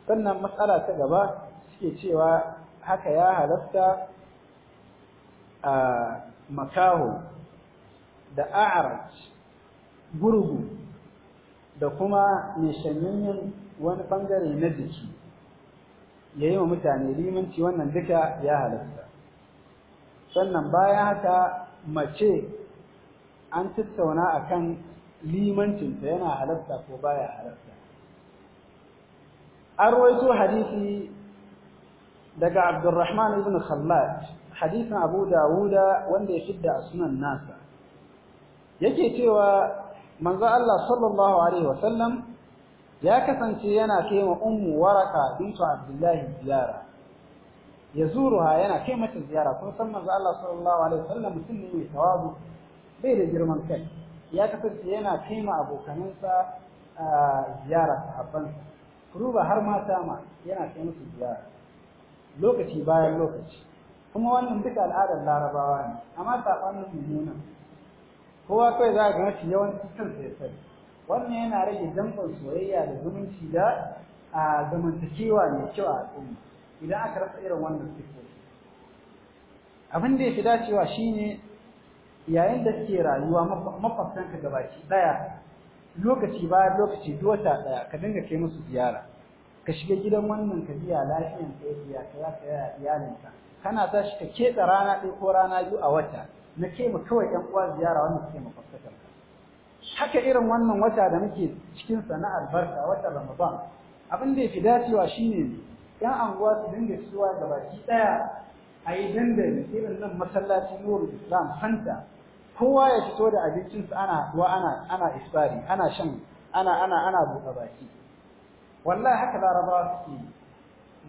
sannan matsala ta gaba suke cewa haka ya halatta a makaho da a'arac gurgu da kuma mai shanyayyen wani bangare na jiki ya yi wa mutane limanci wannan duka ya halatta sannan bayan haka mace an tattauna akan limancinta yana halatta ko baya halatta an rawaito hadisi daga Abdurrahman ibn Khallad hadisin Abu Dawuda wanda ya shidda a sunan nasa yake cewa manzo Allah sallallahu alaihi wasallam ya kasance yana kai wa ummu waraka bintu Abdullah ziyara yazuruha yana kai mata ziyara kun san manzo Allah sallallahu alaihi wasallam mutum ne mai tawabu bai da girman kai ya kasance yana kai ma abokanansa ah, ziyara sahabbansa ruba har mata ma yana kai musu ziyara lokaci bayan lokaci kuma wannan duka al'adar larabawa ne amma saɓanin mummuna kowa kai za a ga shi yawanci kan sai sai wannan yana rage jamfan soyayya da zumunci da a zamantakewa mai kyau a al'umma idan aka rasa irin wannan sifofi abin da ya fi dacewa shine yayin da suke rayuwa mafasanka gabaki daya lokaci bayan lokaci duwata ɗaya ka dinga kai musu ziyara ka shiga gidan wannan ka biya lafiyan ka ya ka za ka iyalinka kana tashi ka ketsa rana ɗaya ko rana biyu a wata na kema kawai ɗan uwa ziyara wannan suke ka. haka irin wannan wata da muke cikin sana albarka watan ramadan abin da ya fi dacewa shine ƴan anguwa su dinga da baki ɗaya a yi dandali irin nan masallaci nurul islam fanta kowa ya fito da abincin ana wa ana ana isfari ana shan ana ana ana buɗe baki wallahi haka larabawa suke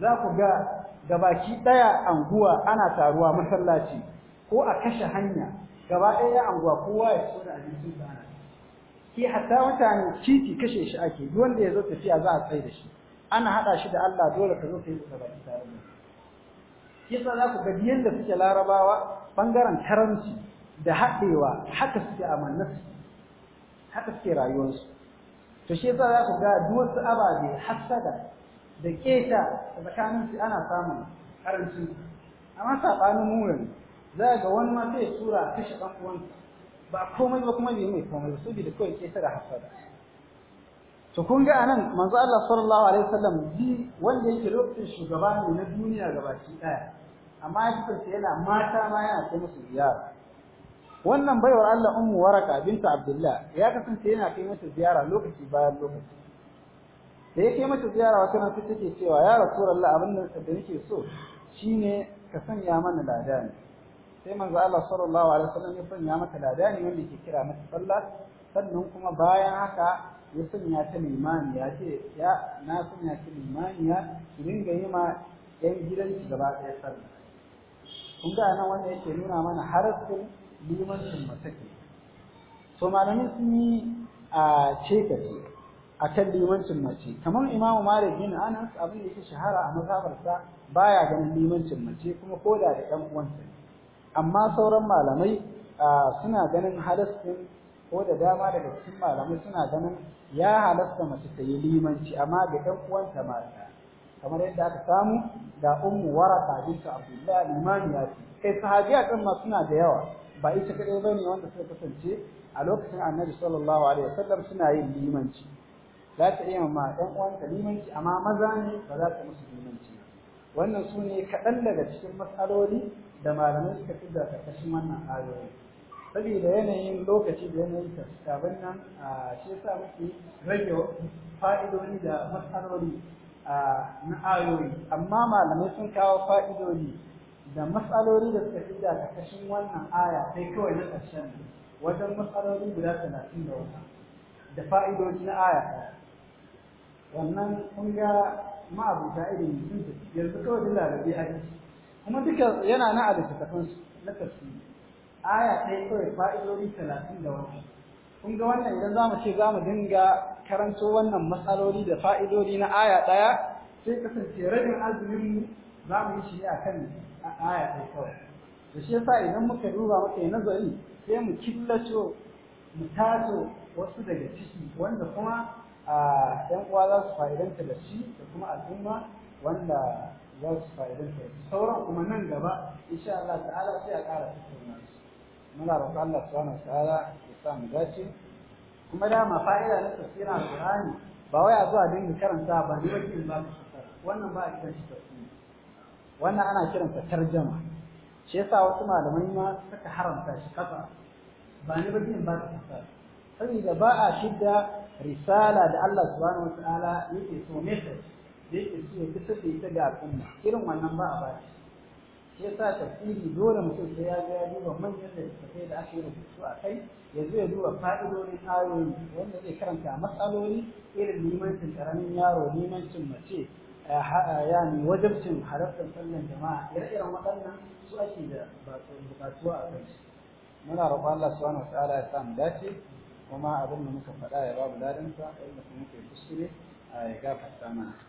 za ku ga ga baki ɗaya anguwa ana taruwa masallaci ko a kashe hanya gaba daya anguwa kowa ya fito da abincin ana ki hatta mutane titi kashe shi ake duk wanda ya zo tafiya za a tsaye da shi ana hada shi da Allah dole ka zo ka yi gabaki tare da shi za ku ga biyan da suke larabawa bangaren taranci da haɗewa haka suke amannarsu haka suke rayuwarsu to shi yasa za ku ga duk wasu ababe hasada da keta tsakanin su ana samun karanci amma masa mu yanzu za ga wani ma ya tura kashe ɗan uwansa ba komai ba kuma bai mai komai ba saboda kawai keta da hasada to kun ga anan manzo Allah sallallahu alaihi wasallam bi wanda yake lokacin shugaba ne na duniya gabaki ɗaya, amma ya kasance yana mata ma yana kai musu ziyara wannan baiwar Allah ummu waraka binta abdullah ya kasance yana kai mata ziyara lokaci bayan lokaci da ya kai mata ziyara wata nan take cewa ya rasulullah abin da nake so shine ka sanya mana ladani sai manzo Allah sallallahu alaihi wasallam ya sanya mata ladani wanda ke kira mata sallah sannan kuma bayan haka ya sanya ta limani ya ce ya na sanya ta limani ya dinga yi ma yan gidan gaba ɗaya sallah kun ga nan wanda yake nuna mana harafin limancin mace ke to malamin sun yi a akan limancin mace kamar imamu malik ana su abin da yake shahara a mazhabarsa baya ganin limancin mace kuma koda da ɗan uwansa amma sauran malamai suna ganin halastin ko da dama daga cikin malamai suna ganin ya halasta mace ta yi limanci amma ga ɗan uwanta mata kamar yadda aka samu da ummu waraka bintu abdullahi limani ya ce kai sahabiya kan ma suna da yawa ba ita kadai bane wanda suka kasance a lokacin Annabi sallallahu alaihi wasallam suna yin limanci za ta iya ma uwan ta limanci amma maza ne ba za ta musu limanci wannan su ne kaɗan daga cikin mas'aloli da malamai suka fi da karkashin wannan ayoyi saboda yanayin lokaci da yanayin tafsirin nan shi yasa muke rage fa'idodi da mas'aloli na ayoyi amma malamai sun kawo fa'idodi da matsaloli da suka fita da kashin wannan aya sai kawai na ƙarshen wajen matsaloli guda talatin da wata da fa'idoji na aya wannan kun ga ma'abuta irin mutum da yanzu kawai da larabi haji kuma duka yana na alifatafin na tafsiri aya ɗaya kawai fa'idodi talatin da wata kun ga wannan idan za mu ce za mu dinga karanto wannan matsaloli da fa'idodi na aya ɗaya sai kasance rabin azumin mu za mu yi shi a kan aya ta kawai da shi yasa idan muka duba muka yi nazari sai mu killato mu taso wasu daga ciki wanda kuma a ɗan uwa za su fa'idanta da shi da kuma al'umma wanda za su fa'idanta da shi sauran kuma nan gaba insha Allah ta'ala sai a ƙara tattauna su muna roƙon Allah subhanahu ta'ala ya sa mu dace kuma dama fa'ida na tafsirin qurani ba wai a zuwa dinga karanta ba ne wakin ba wannan ba a kiran shi wannan ana kiransa tarjama shi yasa wasu malamai ma suka haramta shi kafa ba ni ba ba ta kasa saboda ba a shidda risala da Allah subhanahu wataala yake so message da yake so ya fitar da ta ga al'umma irin wannan ba a ba shi yasa tafsiri dole mutum sai ya ga ya duba manyan da littattafai da ake yi rubutu a kai ya zo ya duba fa'idodin ayoyi wanda zai karanta matsaloli irin limancin karamin yaro limancin mace yani wajabcin halartar sallan jama'a ire-iren waɗannan su ake da bukatuwa a kai muna roƙon Allah subhanahu wataala ya sa mu dace kuma abin da muka faɗa ya babu ladansa inda kuma muke kuskure a ya gafarta mana